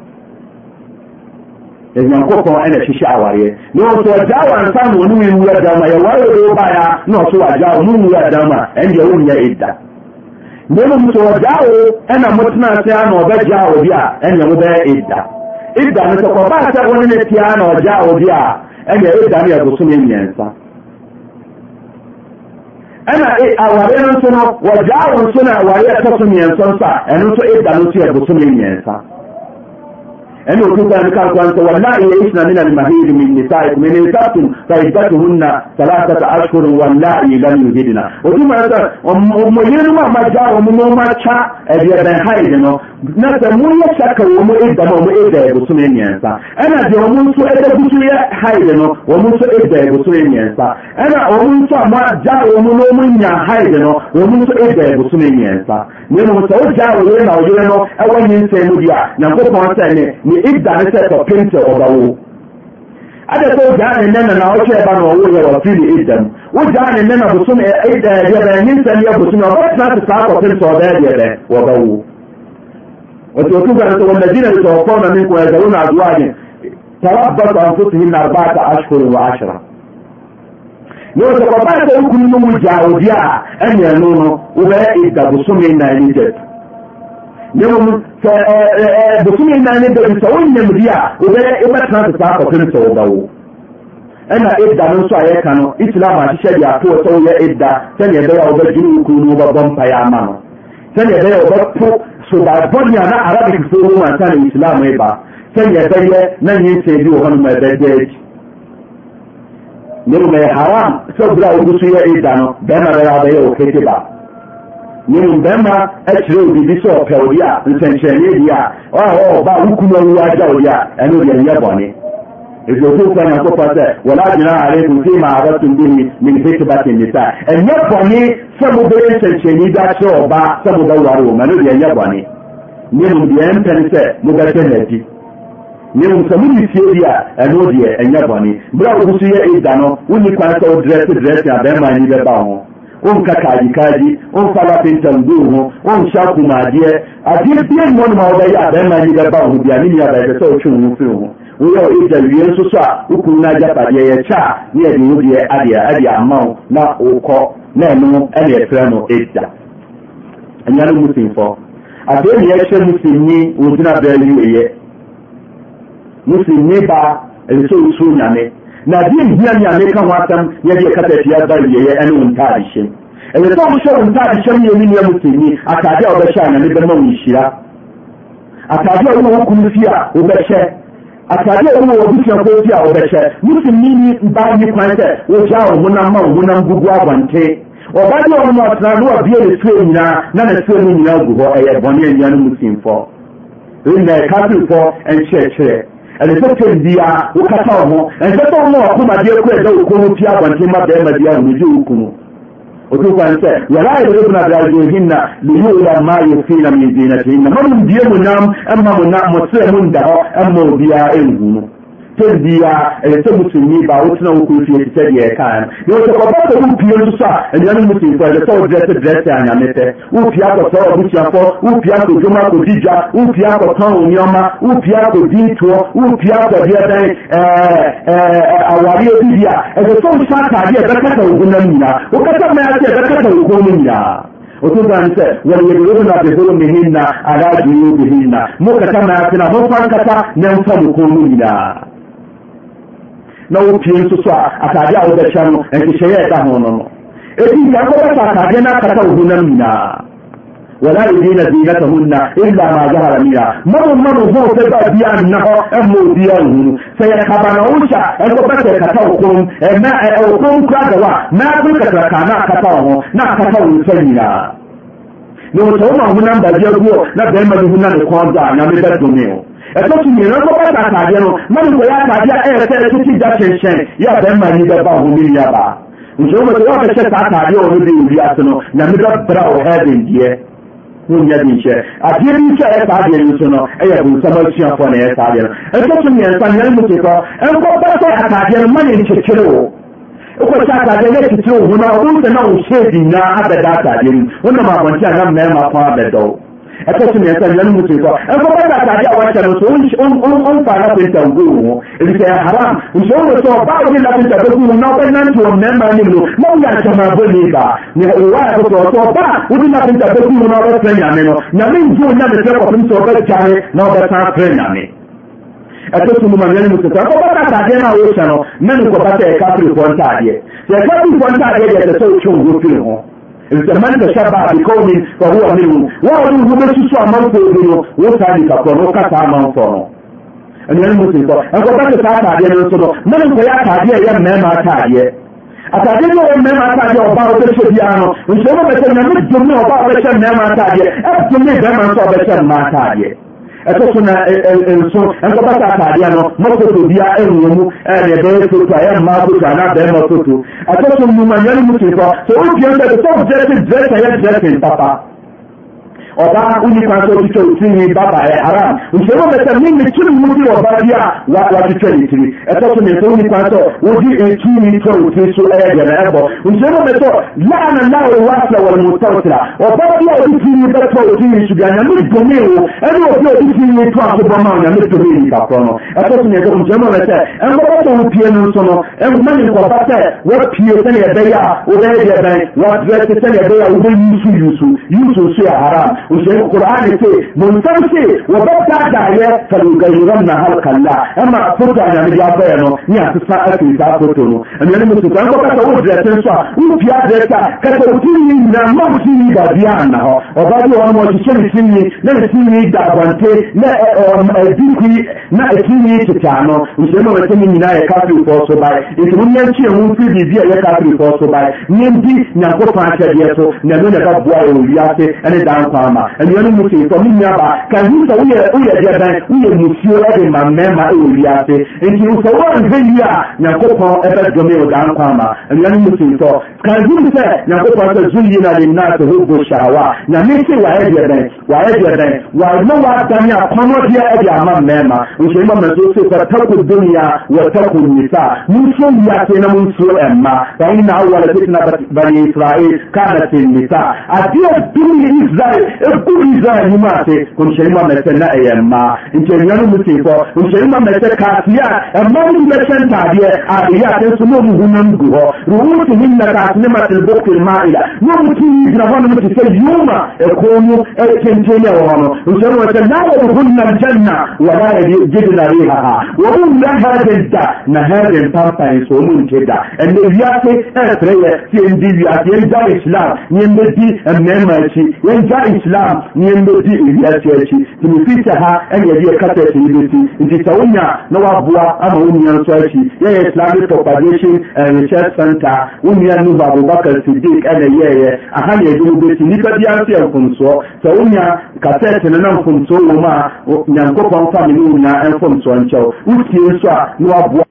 nyankopɔn ɛna hyehyɛ awareɛ na ɔso na ɔne a yɛware wee baeɛ na ɔso agyaa a wonyɛ ɛda na mmom sɛ ɔgyaa wo ɛna motena ase na ɔbɛgyaa wo bi a ɛneɛ mobɛyɛ ɛda ɛda no sɛ kɔbaa sɛ wo ne na ɔgyaa wo bi a ɛneɛ ɛda no mmiɛnsa ɛna awareɛ no nso no nso na awareɛ ɛtɔ so mmiɛnsa nso a ɛno nso ɛda no ɛwaai yaisna min almahiri minnisaiatun saidathuna saaat ahrn waai lamuidna aa ɛaa oaaaya ni ibda sɛ tɔpem sɛ ɔbɛwo ada sɛ wogyaa ne nɛna na ɔkyɛ ba na ɔwoyɛ wɔfi ne ibda mu wogyaa ne nɛna bosom deɛ bɛn ne nsɛm yɛ bosom ɔbɛtena te saa tɔpem sɛ ɔbɛyɛ deɛ wɔbɛwo ɔtu sɛ na minkum ɛzɛwo na adoagen tarabbatu anfusihim arba'ata ashhurin ashra ne kɔbaa sɛ wokunu no wogyaa a no wobɛyɛ bosome na Eh, eh, eh, na mmom sɛ ɛɛ bosome nnan ne bɛbi sɛ wonyam bi a wobɛyɛ wobɛtena ase saa akɔtene sɛ woba wo ɛna ɛda no nso a yɛka no islam ahyehyɛ de atoɔ sɛ woyɛ ɛda sɛnea ɛbɛyɛ a wobɛdwene wo kuro no wobɛbɔ mpaeɛ ama no sɛnea ɛbɛyɛ a wobɛpo sobabɔne a na arabic foɔ mu ansa na islam ɛba sɛnea ɛbɛyɛ na nyɛnsɛn bi wɔ hɔnom a ɛbɛda akyi na mmom ɛyɛ haram sɛ obira a wogu so yɛ ɛda no bɛrima bɛyɛ nyɛmu bɛrima ɛkyerɛ obi bi sɛ ɔpɛ odi a nsɛnkyerɛnne di a ɔhɔ ɔba wukunu ɔwu agya odi a ɛno deɛ nyɛ bɔne ebi otu fún ɛnyanko pa sɛ wòlá àárẹ kò sí ma àárẹ tó ń bí mi mi nìfẹ tó bá ti nìta ɛnyɛ bɔne sɛ mo bɛ nsɛnkyerɛnne da kyerɛ ɔba sɛ mo bɛ wari o ɛno deɛ nyɛ bɔne nyɛmu deɛ mpɛn sɛ mo bɛ tɛ n'akyi nyɛmu sɛ ni fie bi a ɛno deɛ ɛnyɛ bɔne bere a wogu so yɛ kwan sɛ wo drɛse drɛse a bɛrima ani bɛba ho on ka kaji kaji on fala fin tanduhu on sha kuma die adie bie mo no ma obe ya be ma ni ba hu bia ni ni aba be so ochu hu fi hu wo yo wie nso so a ukun na ja pa die ye cha ni e, e ni die ade ade ama na ukọ na enu e na e efre no edda anyalo musinfo abe ni e che musinni odina be e ni ye musinni ba ele so usu nyame na din hia ne ameka ho asɛm yɛde ɛkasa tia ba wieɛ ɛne wo ntaade hyɛ ɛyɛ sɛ wohyɛ wo ntaade hyɛ no yɛne nua musɛni atade a wobɛhyɛ a nane bɛma wo nhyira atade a wowɔ wo kum fi a wobɛhyɛ atade a wowɔ wabusuafo fi a wobɛhyɛ musumini mba yi kwan sɛ wogyaa wo honam ma wo honam gugu abɔnte ɔba de ɔno no ɔtena no wabie ne sue nyinaa na ne sue no nyinaa gu hɔ ɛyɛ bɔne anuanom musimfɔ ɛnna ɛkafirfɔ ɛnkyerɛkyerɛ ɛnifɛtɛn bia wokata wo ho ɛnfɛtɛ wo ma ɔkomadeɛ kɔ ɛda wo kɔn pia abɔnten bɛrima bia wo megye wo kunu sɛ ma ma die nam ɛma mu nam mo serɛ mu nda hɔ ɛma obiaa ɛnhu tarbiyya da ta musulmi ba wata na hukunci ya fitar ya kan ne wata kwaba ta ufi ya nusa ya ni mutum kwa da sawa dresa dresa ya na mete ufi ya kwa sawa buci ya kwa ufi ya kwa juma kwa jija ufi ya kwa tano unyoma ufi ya kwa dintuo ufi ya kwa biya dai awari ya bibiya da sawa sa ta biya da kasa hukunan nuna wakata mai ake da kasa hukunan nuna otu ga nse na bezoro mihinna a rajin yau bihinna muka tana suna mun fankata nan fa mu komi na na wopie nso so a ataadeɛ a wobɛkyɛ no nkehyɛeɛ a ɛda ho no no ɛti nka nkɔbɛfa no akata wo honam nyinaa wala yudina zinatahunna illa ma zahara minha mmadụ mmadụ hụ sɛ ba bia nna hɔ ɛma obia nhunu sɛ yɛ kaba na wohyɛ a ɛnkɔbɛ sɛ ɛkata wo krom ɛma ɛwo krom kora da hɔ a naakoro kakrakaa na akata wo ho na akata wo nsa nyinaa na wɔsɛ woma honam baabi aguɔ na bɛrima no huna ne kɔn do a nyame bɛdome wo ẹ̀tọ́ tún mìíràn tó bá àtàdé no mẹ́rin kò yá àtàdé ẹ̀ẹ́dẹ́ ẹ̀tọ́ tí já kyẹnkyẹn yá bẹ́ẹ̀ máa ní bẹ́ẹ̀ bá ní yaba nsọ́wọ́n bẹ́ẹ̀ wọ́n bẹ́ẹ̀ ba ta àtàdé ọ̀hún bí ìwúrí na mi bẹ́ẹ̀ bẹ́ẹ̀ ọ̀ hẹ́ẹ̀dẹ̀ ndiẹ́ wọ́n nyẹ́ bi nkyẹ́ na saa adeɛ no ma na ɛtɔso mmiɛnsa nnuane mu tiri kɔ ɛnkɔbɛda atade a wakyɛ no so ɔmfa napenta ngu wo ɛfiri sɛ haram nso wo sɛ ɔbaa wode napenta bɛgu wo na wobɛnante wɔ mmarima anim no na woyɛ nkyɛmaabɔni ba ne wowa ɛfoso sɛ ɔbaa wode napenta bɛgu wo na wobɛfrɛ nyame no nyame ngye wo nyame sɛ kɔpem sɛ ɔbɛgyae na wobɛsan frɛ nyame ɛtɔ so mu ma mmiɛne mu a wohyɛ no na ne nkɔba sɛ ho man tashabbaha bi qawmin fa huwa minhum wɔn a wɔn bɛsusu amanfoɔ bi no wɔn saa nipa korɔ no wɔka saa amanfoɔ no ɛnuane mu sii sɔ nkɔba te saa ataadeɛ no nso no mɛne nkɔyɛ ataadeɛ ɛyɛ mmarima ataadeɛ ataadeɛ bi wɔ mmarima ataadeɛ ɔba a wɔbɛhyɛ biara no nhyɛn mu bɛhyɛ nyame dum ne ɔba a wɔbɛhyɛ mmarima ataadeɛ ɛdum ne bɛrima nso a wɔbɛhyɛ mmaa ataadeɛ ɛtɔ so na nso nkɔbata ataadeɛ no mɔkoto bia ɛwɔ mu ɛyɛ bɛyɛ toto ɛyɛ mmaa koto anaa bɛrima koto ɛtɔ so nnuma nyɛ no mu ti kɔ sɛ o dua bɛ sɛ ɔbɛrɛ ti dɛrɛ sɛ yɛ dɛrɛ papa ɔbaa wonni kwan sɛ ɔtwitwa wo haram nhyɛmu bɛsɛ me mekyere mu bi ɔbaa bi a woatwitwa ne tiri ɛtɔ so ne sɛ wonni kwan sɛ wodi ɛtumi twa so ɛyɛ deɛ na ɛbɔ nhyɛmu bɛsɛ laana lawo wasla wɔlmutawtira ɔbaa bi a ɔde tirinwi bɛtwa wo tirinwi so bia nyame domee wo ɛne ɔbi a ɔde tirinwi to akobɔ ma wo nyame domee nnipa korɔ no ɛtɔ so ne sɛ nhyɛmu bɛsɛ ɛnkɔbɔ sɛ wo pie no nso no ɛnkoma ne nkɔfa sɛ wapie sɛneɛ وشيخ القرآن كي منتمشي وبدأ دعية فليغيرن خلق الله أما فرجع يعني جابينو يعني تسعى في تاكوتونو أنا لم تسعى أنك تقول جاتين شوى وفي أدريكا كتوتيني من موتيني بابيانا هو وبعد يوم وشيشن سيني نلسيني دعوانتي لا أديكي نا أكيني تتعنو وشيما وشيما نينا يكافي وفوصو باي إنتو نيانشي يمونسي بيبيا يكافي وفوصو باي نيمتي نيانكو فانشا بيسو نيانو نيكا بواي وياسي أنا دعان فانشا ama ɛnuanu mu sèé sɔmi nyaba kanzu sɛ woyɛ woyɛ deɛ bɛn woyɛ musuo ɛde ma mɛɛma ɛwɔ wiase nti sɛ wɔnhwɛ yi a nyankopɔn ɛbɛdome wɔ daa nkwa ama ɛnuanu mu sèé sɔ kanzu sɛ nyankopɔn sɛ zuli na ne nna sɛ hobo hyawa nyame se wayɛ deɛ bɛn wayɛ deɛ bɛn wayɛ wadane akɔnɔ deɛ ɛde ama mɛɛma nhyɛn mu amɛso se sɛ tako dunia wɔ tako nisa musuo wiase na musuo ɛma sɛ ina awɔ la fitina bani israel kana te nisa adeɛ dumi israel ekuri za yi ma ase nkyɛn mu amɛsɛ na ɛyɛ mmaa nkyɛn mu mu si fɔ nkyɛn mu amɛsɛ kaaseɛ a mmaa mu bɛhyɛ ntaadeɛ a eyi ase nso na ɔmu hunam gu hɔ ruhu ti hin na kaase ne ma te bo kiri maa ila na ɔmu ti yi gyina hɔ nom te sɛ yoma ɛkɔn mu ɛkyɛnkyɛn yɛ wɔ hɔ no nkyɛn mu wɔsɛ na wɔn hun na nkyɛn na wɔn ayɛ de gye na re ha ha wɔn mu wura ha de da na ha de mpampan so wɔn mu nkyɛn da ɛnna wiase ɛsrɛ yɛ si ndi wiase yɛn gya islam yɛn bɛ di mmarima akyi yɛn gya islam. islam nneɛma bɛdi ewiase akyi nimifita ha ɛna yɛde yɛ kata akyi bɛsi nti sɛ wonya na waboa ama wo nua nso akyi yɛyɛ islamic propagation and research center wo nua nuba abubakar sidik ɛna yɛyɛ aha na yɛde wo bɛsi nnipa bi nso yɛ mfomsoɔ sɛ wonya kasɛɛte no na mfomsoɔ wɔ mu a nyankopɔn fa me ne wo nyinaa mfomsoɔ nkyɛw wotie nso a na waboa